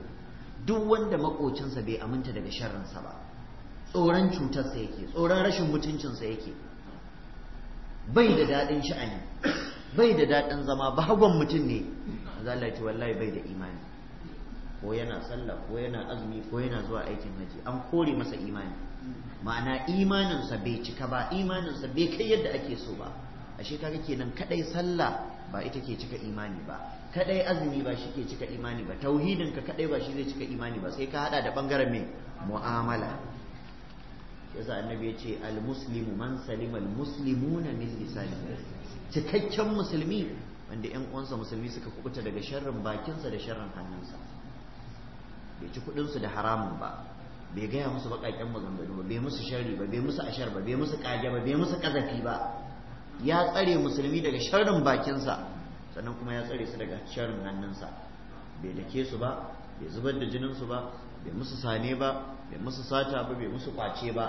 Speaker 1: duk wanda makocinsa bai aminta daga sharrinsa ba tsoron cutarsa yake tsoron rashin mutuncinsa yake bai da daɗin sha'ani bai da daɗin zama bagon mutum ne zalla wallahi bai da imani ko yana sallah ko yana azumi ko yana zuwa aikin haji an kore masa imani ma'ana imaninsa bai cika ba imaninsa bai kai yadda ake so ba ashe kaga kenan kadai sallah ba ita ke cika imani ba kadai azumi ba shi ke cika imani ba tauhidin ka kadai ba shi zai cika imani ba sai ka hada da bangaren mai mu'amala yasa annabi ya ce almuslimu man salima almuslimuna min lisani cikakken musulmi wanda yan uwansa musulmi suka kubuta daga sharrin bakinsa da sharrin hannunsa bai ci kudinsu da haramun ba bai gaya musu baƙaƙen maganganu ba bai musu sharri ba bai musu ashar ba bai musu ƙage ba bai musu ƙazafi ba ya tsare musulmi daga sharrin bakinsa sannan kuma ya tsare su daga sharrin hannunsa bai dake su ba bai zubar da jininsu ba bai musu sane ba bai musu sata ba bai musu kwace ba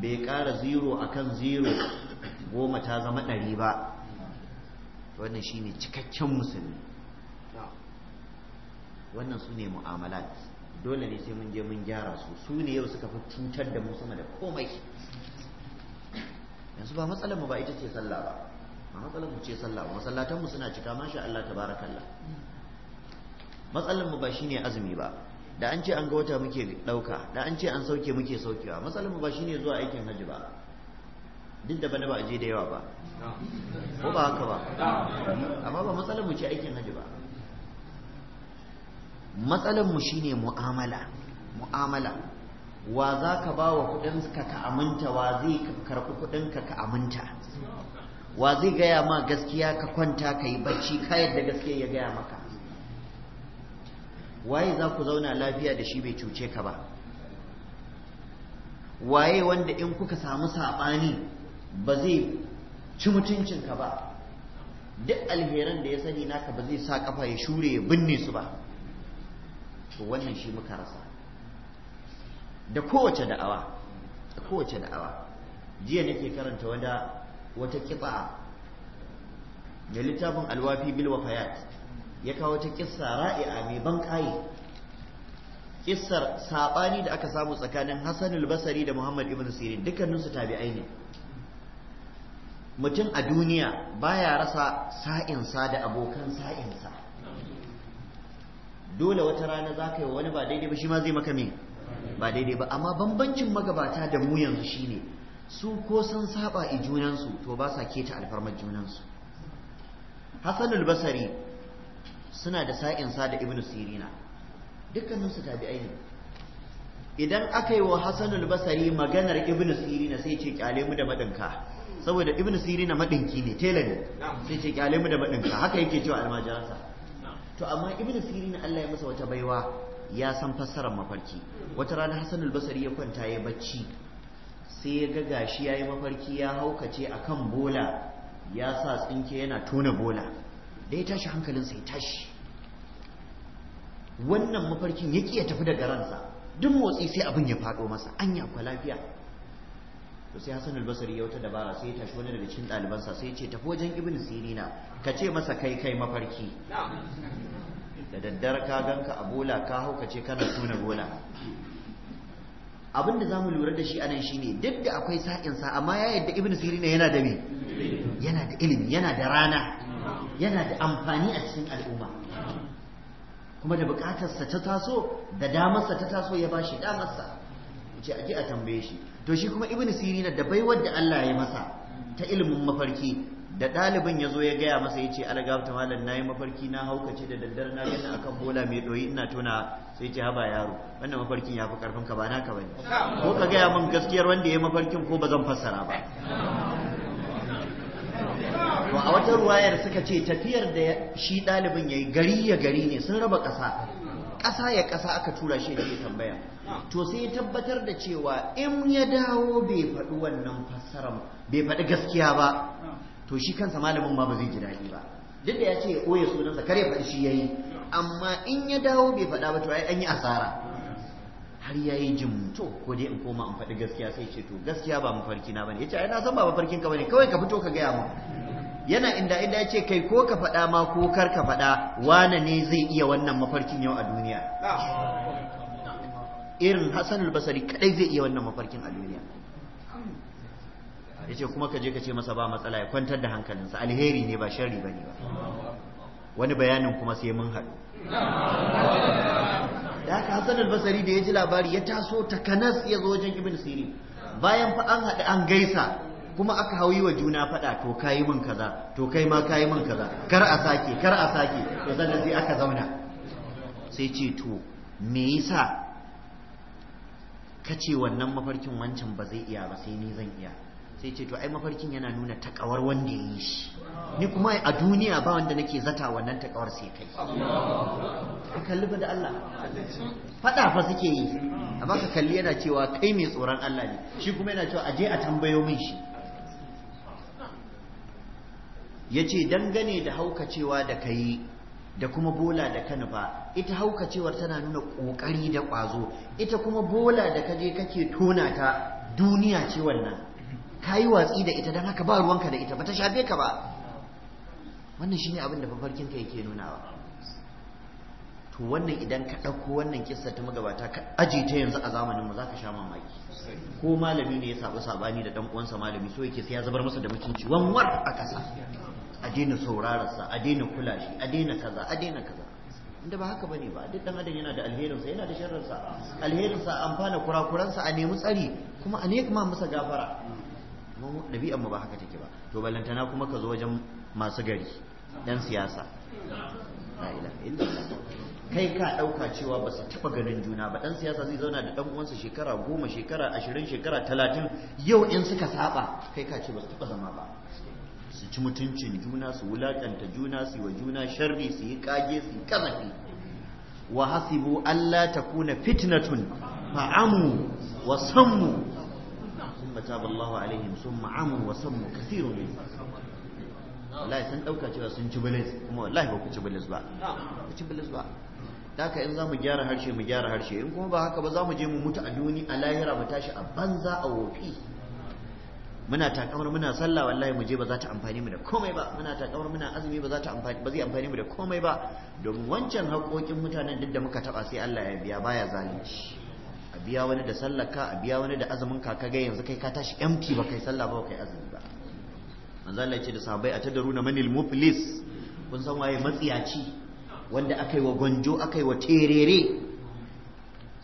Speaker 1: bai ƙara zero akan zero goma ta zama ɗari ba wannan shi ne cikakken musulmi wannan su ne mu'amalat dole ne sai mun je mun gyara su su ne yau suka fi cutar da mu sama da komai yanzu ba matsalar mu ba ita ce sallah ba ba matsalar mu ce sallah ba masallatan mu suna cika masha Allah tabarakallah matsalar mu ba shine azumi ba da an ce an ga wata muke ɗauka da an ce an sauke muke saukewa matsalin mu ba shine zuwa aikin hajji ba duk da bane ba a je da yawa ba
Speaker 2: ko ba haka ba amma ba
Speaker 1: matsalin mu ce aikin hajji ba matsalin mu shine mu'amala mu'amala wa za ka ba wa kuɗinka ka aminta wa zai karɓi kuɗinka ka aminta wa zai gaya ma gaskiya ka kwanta ka yi bacci ka yadda gaskiya ya gaya maka waye za ku zauna lafiya da shi bai cuce ka ba waye wanda in kuka samu saɓani ba zai ci mutuncinka ba duk alheran da ya sani naka ba zai sa kafa ya shure ya binne su ba to wannan shi muka rasa da kowace da'awa da kowace da'awa jiya nake karanta wada wata kifa da littafin alwafi bil wafayat ya kawo ta kissa ra'i'a mai ban kayi kissar sabani da aka samu tsakanin al Basri da Muhammad ibn Sirin dukkanin su tabi'ai ne mutum a duniya baya rasa sa'insa da abokan sa'insa dole wata rana za ka yi wani ba daidai ba shi ma zai maka me ba daidai ba amma bambancin magabata da mu yanzu shine su ko sun saba i junansu to ba sa keta alfarmar junansu Hassanul Basri suna da sa'in sa da Ibn sirina Dukkaninsu tabi'ai ne idan aka yi wa Hassanul basari maganar Ibn sirina sai ce kyale mu da madinka saboda Ibn sirina madinki ne tela ne sai ce kyale mu da madinka haka yake cewa almajiransa to amma Ibn sirina Allah ya masa wata baiwa ya san fassarar mafarki wata rana Hassanul basari ya kwanta ya bacci sai ya ga gashi ya yi mafarki ya haukace akan bola ya sa tsinke yana tona bola da ya tashi hankalinsa ya tashi wannan mafarkin ya ya tafi daga ransa duk motsi sai abin ya faɗo masa an ya kwa lafiya to sai hasan albasari ya wata dabara sai ya tashi wani daga cikin ɗalibansa sai ya ce tafi wajen Ibn Sirina ka ce masa kai kai mafarki da daddare ka ganka a bola ka hau ka ce kana tuna bola abin da mu lura da shi anan ne duk da akwai sa'in sa amma ya yadda Ibn Sirina yana da me yana da ilimi yana da rana yana da amfani a cikin al'umma kuma da bukatarsa ta taso da damarsa ta taso ya ba shi damarsa ce aje a tambaye shi to shi kuma Ibn sirina da bai da Allah ya masa ta ilimin mafarki da ɗalibin ya zo ya gaya masa ya ce alagabta malam na yi mafarki na haukace da daddare na gina akan bola mai ɗoyi ina tuna sai ce haba yaro wannan mafarkin ya fi ƙarfin ka ba naka bane ko ka gaya min gaskiyar wanda ya mafarkin ko ba zan fassara ba to a wata ruwayar suka ce tafiyar da shi ɗalibin ya yi gari ya gari ne sun raba ƙasa ƙasa ya ƙasa aka tura shi ya tambaya to sai ya tabbatar da cewa in ya dawo bai faɗi wannan fassara bai faɗi gaskiya ba to shi kansa malamin ma ba zai ji daɗi ba duk da ya ce ya ɓoye sunansa ya faɗi shi ya yi amma in ya dawo bai faɗa ba to ai an yi asara har yayi jin to ko dai in koma in faɗi gaskiya sai ce to gaskiya ba mafarki na bane yace ai na san ba mafarkin ka bane kawai ka fito ka gaya mu yana inda inda yace kai ko ka faɗa ma ko kar ka faɗa wane ne zai iya wannan mafarkin yau a duniya irin hasan al kadai zai iya wannan mafarkin a duniya yace kuma ka je ka ce masa ba matsala ya kwantar da hankalinsa alheri ne ba sharri bane ba wani bayanin kuma sai mun haɗu da aka Hassan al-Basri da ya ji labari ya taso kanas ya zo wajen Ibn Sirin bayan fa an haɗu an gaisa kuma aka hauyi wa juna faɗa to kayi min kaza to kai ma kayi min kaza kar a sake kar a sake to zan sai aka zauna sai ce to me yasa kace wannan mafarkin wancan ba zai iya ba sai ni zan iya sai ce to ai mafarkin yana nuna takawar wanda ya yi shi ni kuma a duniya ba wanda nake zata wannan ta kawar sai kai ka kalli da Allah fada fa suke yi amma ka kalli yana cewa kai mai tsoron Allah ne shi kuma yana cewa aje a tambayo min shi yace dangane da haukacewa da kai da kuma bola da kanufa ita haukacewar tana nuna kokari da kwazo ita kuma bola da kaje kake tona ta duniya ce wannan kayi watsi da ita dan haka ba ruwanka da ita ba ta shafe ka ba wannan shine abin da fafarkin ka yake nunawa to wannan idan ka ɗauko wannan kissa ta magabata ka aje ta yanzu a zamanin mu zaka sha mamaki ko malami ne ya sabu sabani da dan malami so yake sai ya zubar masa da mutunci wanwar a ƙasa a daina saurararsa a daina kula shi a daina kaza a daina kaza inda ba haka bane ba duk dan adam yana da alherinsa yana da sharrinsa alherinsa amfana kurakuransa a nemi tsari kuma a ne ma masa gafara ɗabi'an mu ba haka take ba to ballantana kuma ka zo wajen masu gari dan siyasa la ilaha illallah kai ka ɗauka cewa ba su taɓa ganin juna ba ɗan siyasa zai zauna da ɗan uwansa shekara goma shekara ashirin shekara talatin yau in suka saba kai ka ce ba su taɓa zama ba su ci mutuncin juna su wulaƙanta juna su yi wa juna sharri su yi kage su yi ƙazafi wa hasibu Allah ta kuna fitnatun fa'amu wa sammu sun mata ballahu alaihim sun ma'amu wa sammu kasirun wallahi sun dauka cewa sun ci bilis kuma wallahi ba ku ci bilis ba ku ci bilis ba haka in zamu gyara harshe mu gyara harshe in kuma ba haka ba zamu je mu mutu a duni a lahira mu tashi a banza a wofi muna takamar muna sallah wallahi mu je ba za ta amfani mu da komai ba muna takamar muna azumi ba za ta amfani ba zai amfani mu da komai ba domin wancan haƙoƙin mutanen duk da muka taba sai Allah ya biya baya zalunci a biya wani da sallaka a biya wani da azumin ka kaga yanzu kai ka tashi empty ba kai sallah ba kai azumi ba manzo Allah ce da sahabbai a na manil muflis kun san waye matsiyaci wanda aka yi wa gonjo aka yi wa terere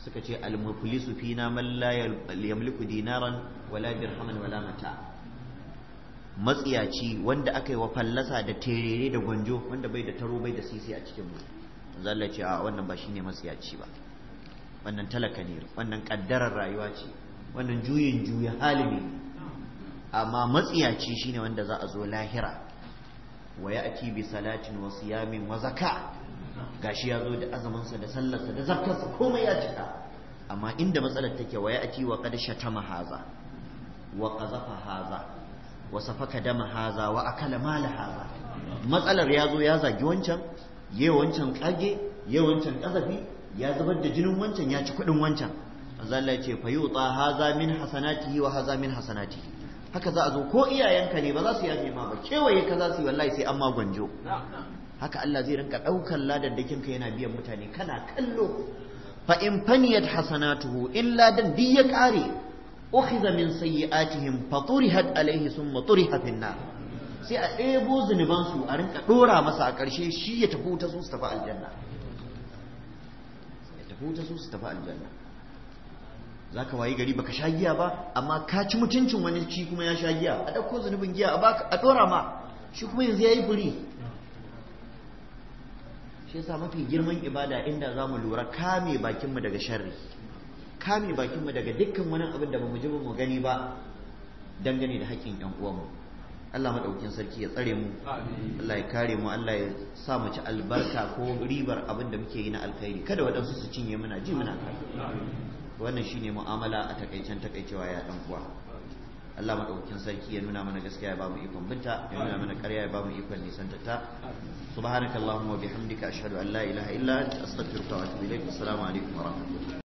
Speaker 1: suka ce al-muflisu fina man la yamliku dinaran wala dirhaman wala mata matsiyaci wanda aka yi wa fallasa da terere da gonjo wanda bai da taro bai da sisi a cikin mu manzo Allah ce a wannan ba shine matsiyaci ba wannan talaka ne wannan kaddarar rayuwa ce wannan juyin juya hali ne amma matsiyaci shine wanda za a zo lahira wa ya'ti bi salatin wa siyamin wa zaka gashi ya zo da sa da sallarsa da sa komai ya cika amma inda matsalar take wa ya'ti wa qad shatama haza wa qazafa haza wa safaka dama haza wa akala mala haza matsalar ya zo ya zagi wancan ye wancan kage ye wancan kazafi ya zubar da jinin wancan ya ci kudin wancan Allah ce fa yuta haza min hasanatihi wa haza min hasanatihi haka za a zo ko iyayenka ne ba za su yafe ma ba kewaye ka za su yi wallahi sai an gwanjo haka Allah zai rinka ɗaukar ladan ka yana biyan mutane kana kallo fa in faniyat hasanatuhu in ladan duk ya ƙare ukhiza min sayyi'atihim fa turihat alaihi summa turiha fin nar sai a ɗebo zunuban su a rinka ɗora masa a ƙarshe shi ya tafi wuta su su tafi aljanna ya tafi wuta su su tafi aljanna za ka wayi gari baka sha giya ba amma ka ci mutuncin wani ci kuma ya sha giya a ɗauko zunubin giya a baka a ɗora ma shi kuma yanzu ya yi furi shi yasa mafi girman ibada inda za mu lura kame bakinmu daga sharri kame bakinmu daga dukkan wani abin da bamu ji ba mu gani ba dangane da haƙƙin ƴan uwanmu Allah maɗaukin sarki ya tsare mu Allah ya kare mu Allah ya sa mu ci albarka ko ribar abin da muke yi na alkhairi kada waɗansu su cinye muna ji muna kai wannan shine mu'amala a takaicen takaicewa ya dan uwa Allah madaukakin sarki ya nuna mana gaskiya ya bamu ikon binta ya nuna mana ƙarya ya bamu ikon nisan ta subhanakallahumma wa bihamdika ashhadu an la ilaha illa anta astaghfiruka wa atubu ilaik
Speaker 2: assalamu alaikum wa rahmatullahi